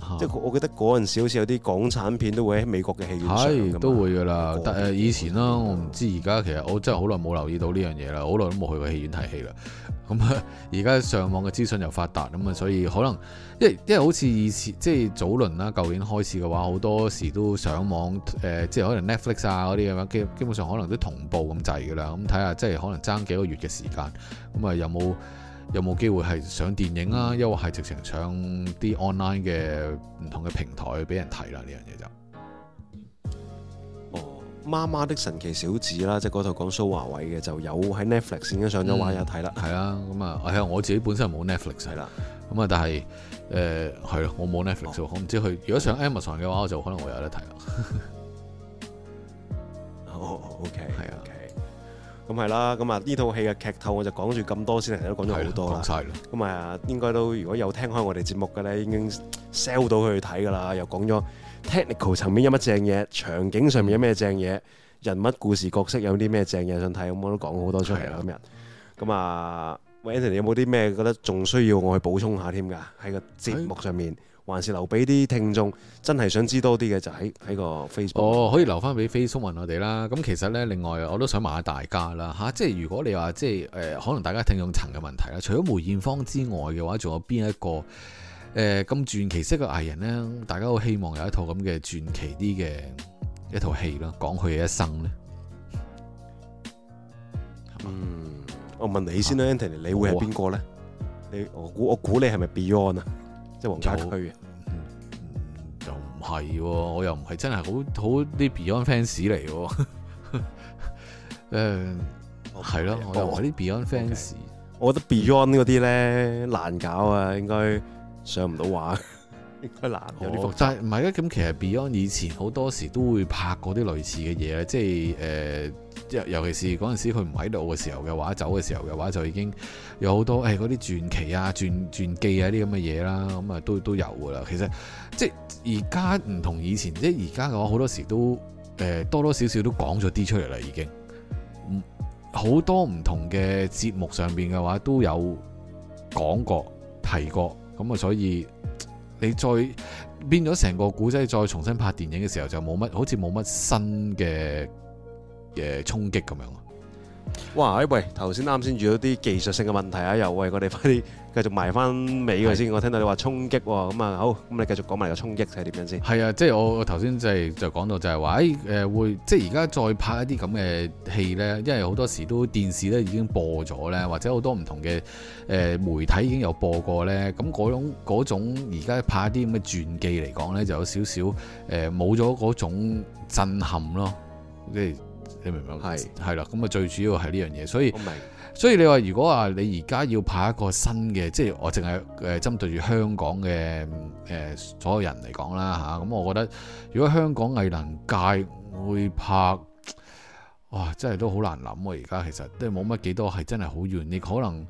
啊、即係我記得嗰陣時，好似有啲港產片都會喺美國嘅戲院上，係都會噶啦。以前啦，嗯、我唔知而家其實我真係好耐冇留意到呢樣嘢啦，好耐都冇去過戲院睇戲啦。咁、嗯、啊，而家上網嘅資訊又發達，咁啊，所以可能，因為因為好似以前即係早輪啦，舊年開始嘅話，好多時都上網誒、呃，即係可能 Netflix 啊嗰啲咁樣，基基本上可能都同步咁滯噶啦。咁睇下即係可能爭幾個月嘅時間，咁啊有冇？有冇機會係上電影啊？抑或係直情上啲 online 嘅唔同嘅平台俾人睇啦、啊，呢樣嘢就。哦，媽媽的神奇小子啦，即係嗰套講蘇華偉嘅，就有喺 Netflix 已經上咗，話有睇啦。係、嗯、啊，咁、嗯、啊，係啊，我自己本身冇 Netflix 係啦。咁啊，嗯、但係誒係咯，我冇 Netflix、哦、我唔知佢。如果上 Amazon 嘅話，我就可能我有得睇啦。 [laughs] 哦，OK，係啊。okay. 咁係啦，咁啊呢套戲嘅劇透我就講住咁多先，其實都講咗好多啦。講曬啦。咁啊，應該都如果有聽開我哋節目嘅咧，已經 sell 到佢去睇㗎啦。 [laughs] 又講咗 technical 層面有乜正嘢、場景上面有咩正嘢、人物故事角色有啲咩正嘢想睇，咁我都講好多出嚟啦今日。咁 [laughs] 啊，Anthony 有冇啲咩覺得仲需要我去補充下添㗎？喺個節目上面。欸還是留俾啲聽眾真係想知多啲嘅，就喺喺個 Facebook 哦，oh, 可以留翻俾 Facebook 問我哋啦。咁其實咧，另外我都想問下大家啦嚇，即係如果你話即係誒，可能大家聽眾層嘅問題啦，除咗梅艷芳之外嘅話，仲有邊一個誒咁、呃、傳奇式嘅藝人咧？大家好希望有一套咁嘅傳奇啲嘅一套戲咯，講佢嘅一生咧。嗯，我問你先啦、啊、Anthony，你會係邊個咧？你我估我估你係咪 Beyond 啊？黃家駒嘅又，就唔係喎，我又唔係真係好好啲 Beyond fans 嚟喎。誒、 [laughs] 嗯，係咯 Okay,、啊，我又啲 Beyond fans okay.、嗯。我覺得 Beyond 嗰啲咧，難搞啊，應該上唔到畫， [laughs] 應該難有、哦。但係唔係啊？咁其實 Beyond 以前好多時都會拍過啲類似嘅嘢即係誒。呃尤其是嗰陣時佢唔喺度嘅時候嘅話，走嘅時候嘅話就已經有好多誒嗰啲傳奇啊、傳傳記啊啲咁嘅嘢啦，咁啊都都有噶啦。其實即係而家唔同以前，即係而家嘅話好多時都誒、呃、多多少少都講咗啲出嚟啦，已經好多唔同嘅節目上面嘅話都有講過提過，咁啊所以你再變咗成個古仔再重新拍電影嘅時候就冇乜好似冇乜新嘅。嘅衝擊咁樣咯，哇！哎喂，頭先啱先遇到啲技術性嘅問題啊，又喂，我哋快啲繼續埋翻尾佢先。係。我聽到你話衝擊喎、哦，咁啊好，咁你繼續講埋個衝擊睇點樣先？係啊，即係我我頭先就就講到就係話，哎誒、呃、會即係而家再拍一啲咁嘅戲咧，因為好多時都電視咧已經播咗咧，或者好多唔同嘅誒媒體已經有播過咧，咁嗰種而家拍一啲咁嘅傳記嚟講咧，就有少少誒冇咗嗰種震撼咯，即係。你明唔明？係係啦，咁啊最主要係呢樣嘢，所以所以你話如果話，你而家要拍一個新嘅，即係我淨係誒針對住香港嘅誒所有人嚟講啦吓，咁我覺得如果香港藝能界會拍，哇，真係都好難諗啊！而家其實都冇乜幾多係真係好遠，你可能。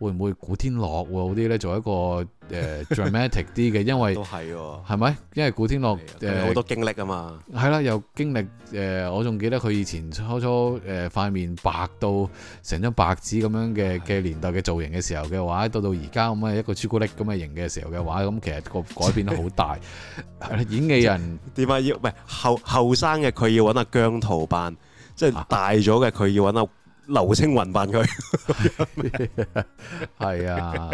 會唔會，古天樂會好啲咧，做一個誒、呃、dramatic 啲嘅？因為都係係咪？因為古天樂誒好多經歷啊嘛。係啦、嗯，有經歷誒、呃，我仲記得佢以前初初誒塊面白到成張白紙咁樣嘅嘅年代嘅造型嘅時候嘅話，到到而家咁啊一個朱古力咁嘅型嘅時候嘅話，咁其實個改變得好大。 [laughs] 演藝技人點解、啊、要？唔係後後生嘅佢要揾阿姜濤扮，即、就、係、是、大咗嘅佢要揾阿。啊劉青雲扮佢，係啊，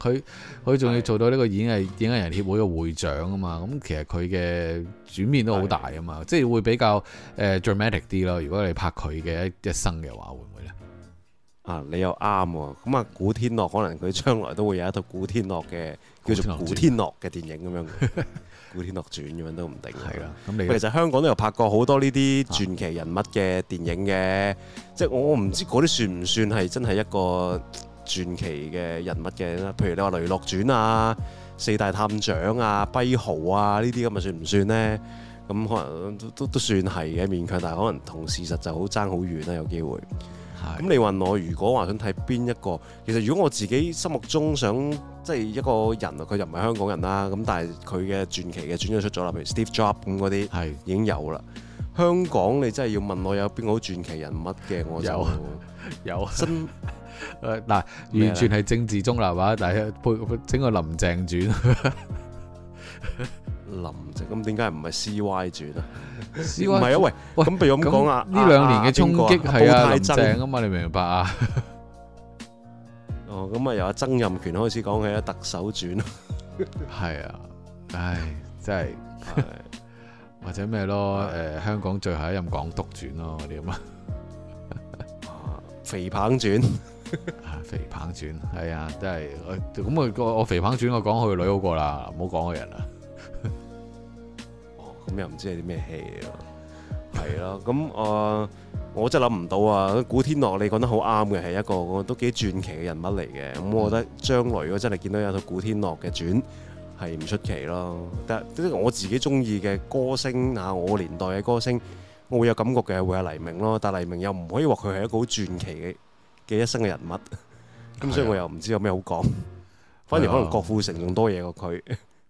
佢佢仲要做到呢個演藝 [laughs] 演藝人協會嘅會長啊嘛，咁 [laughs] 其實佢嘅轉變都好大啊嘛， [laughs] 即係會比較誒、uh, dramatic 啲咯。如果你拍佢嘅一一生嘅話，會唔會咧？啊，你又啱喎。咁啊，古天樂可能佢將來都會有一套古天樂嘅叫做古天樂嘅電影咁樣。 [laughs] 古天樂傳咁樣都唔定。係啦，咁你其實香港都有拍過好多呢啲傳奇人物嘅電影嘅，啊、即係我唔知嗰啲算唔算係真係一個傳奇嘅人物嘅。譬如你話《雷洛傳》啊，《四大探長》啊，啊《跛豪》啊呢啲咁啊算唔算呢？咁可能都都算係嘅，勉強，但係可能同事實就好爭好遠啦、啊，有機會。係的。咁你話我如果話想睇邊一個？其實如果我自己心目中想。即係一個人佢又唔係香港人啦，咁但係佢嘅傳奇嘅傳咗出咗啦，譬如 Steve Jobs 咁嗰啲，係已經有啦。香港你真係要問我有邊個好傳奇人物嘅，我就有真嗱，完全係政治中立啊，但係整個《林鄭傳》。林鄭咁點解唔係 C Y 傳啊？唔係啊喂，咁譬如咁講啊，呢兩年嘅衝擊係啊林鄭啊嘛，你明白啊？哦，咁、嗯、啊，由阿曾蔭權開始講起啊，《特首傳》係啊，唉，真係 [laughs] 或者咩咯？誒，香港最後一任港督傳咯，嗰啲咁啊，肥彭傳，肥彭傳，係 [laughs] 啊、哎，真係，咁、哎、啊，我我肥彭傳我講佢女好過啦，唔好講佢人啦。哦，咁、嗯、又唔知係啲咩戲？係啦、 [laughs] 啊，咁、嗯、誒。嗯我真係諗唔到啊！古天樂你講得好啱嘅，係一個都幾傳奇嘅人物嚟嘅。咁、嗯、我覺得將來我真係見到有套古天樂嘅轉係唔出奇咯。但係我自己中意嘅歌星吓，我年代嘅歌星，我會有感覺嘅係會係黎明咯。但係黎明又唔可以話佢係一個好傳奇嘅嘅一生嘅人物。咁所以我又唔知有咩好講，反而的可能郭富城仲多嘢過佢。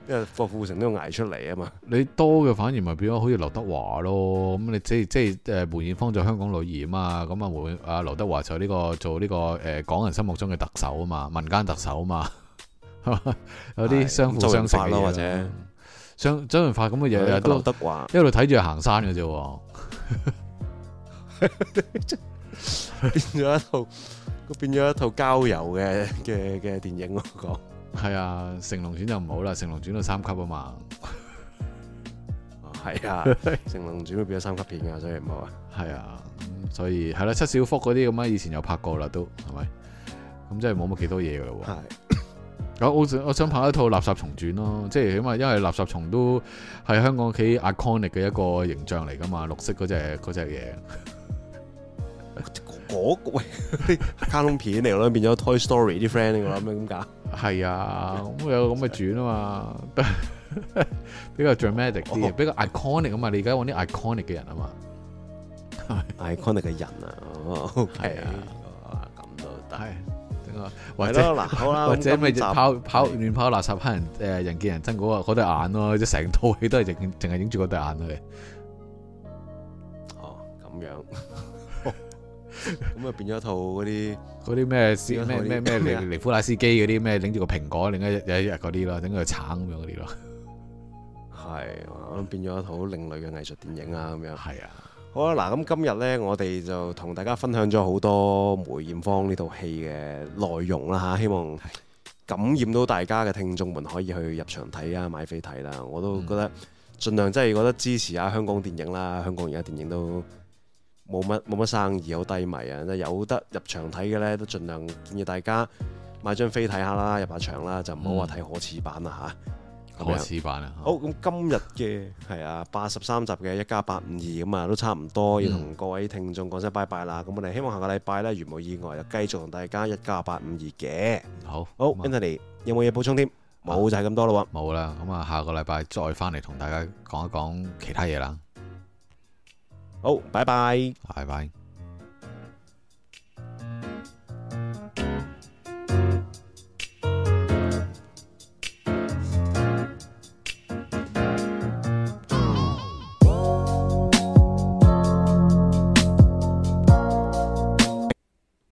因為郭富城都要捱出嚟啊嘛，你多嘅反而咪變咗好似劉德華咯，咁你即係即係誒梅艷芳做香港女兒啊嘛，咁啊梅啊劉德華就呢、這個做呢、這個誒、呃、港人心目中嘅特首啊嘛，民間特首啊嘛， [laughs] 有啲相輔相成咯、嗯，或者張張潤發咁嘅嘢都得啩，劉德華一路睇住行山嘅啫， [laughs] [laughs] 變咗一套，變咗一套郊遊嘅嘅嘅電影我係啊，成龍轉就唔好啦，成龍轉到三級啊嘛，係、哦、啊， [laughs] 成龍轉都變咗三級片啊，所以唔好啊，係啊，所以係啦、啊，七小福嗰啲咁啊，以前有拍過啦，都係咪？咁真係冇乜幾多嘢噶喎。係是，我想我想拍一套垃圾蟲轉咯，即係起碼因為垃圾蟲都係香港幾 iconic 嘅一個形象嚟噶嘛，綠色嗰隻隻嘢。 [laughs] 我、嗰個、喂卡通 [laughs] 片嚟咯，變咗 Toy Story 啲 friend 嚟，我諗咩咁搞？係 [laughs] 啊，咁有咁嘅轉啊嘛 [laughs] 比，比較 dramatic 啲，比較 iconic 啊嘛，你而家揾啲 iconic 嘅人啊嘛，iconic 嘅人啊，OK 啊，咁都得。點啊？係好啦，啊、或者咪跑跑，集跑，跑亂跑垃圾，拋人誒人見人憎嗰、嗰個、嗰個、眼咯，即成套戲都係影都，淨係影住嗰對眼啊哦，咁樣。咁啊 [laughs] 變咗一套嗰啲嗰啲咩咩咩尼夫拉斯基嗰啲咩拎住個蘋果，另外又一日嗰啲咯，整個橙咁樣嗰啲咯，係、啊、變咗一套另類嘅藝術電影啊咁樣。係啊，好啦嗱，咁今日呢，我哋就同大家分享咗好多梅艷芳呢套戲嘅內容啦、啊、吓，希望感染到大家嘅聽眾們可以去入場睇啊，買飛睇啦。我都覺得盡量真係覺得支持下香港電影啦，香港而家電影都。嗯冇乜冇乜生意，好低迷啊！有得入場睇嘅呢，都盡量建議大家買張飛睇下啦，入下場啦，就唔好話睇可恥版啊嚇！可恥版啊！版好咁、嗯、今日嘅係啊八十三集嘅一加八五二咁啊，52，都差唔多、嗯、要同各位聽眾講聲拜拜啦！咁我哋希望下個禮拜呢，如無意外就繼續同大家一加八五二嘅好好 i n n y 有冇嘢補充添？冇那就係咁多咯喎，冇啦！咁啊，下個禮拜再翻嚟同大家講一講其他嘢啦。哦，拜拜，拜拜。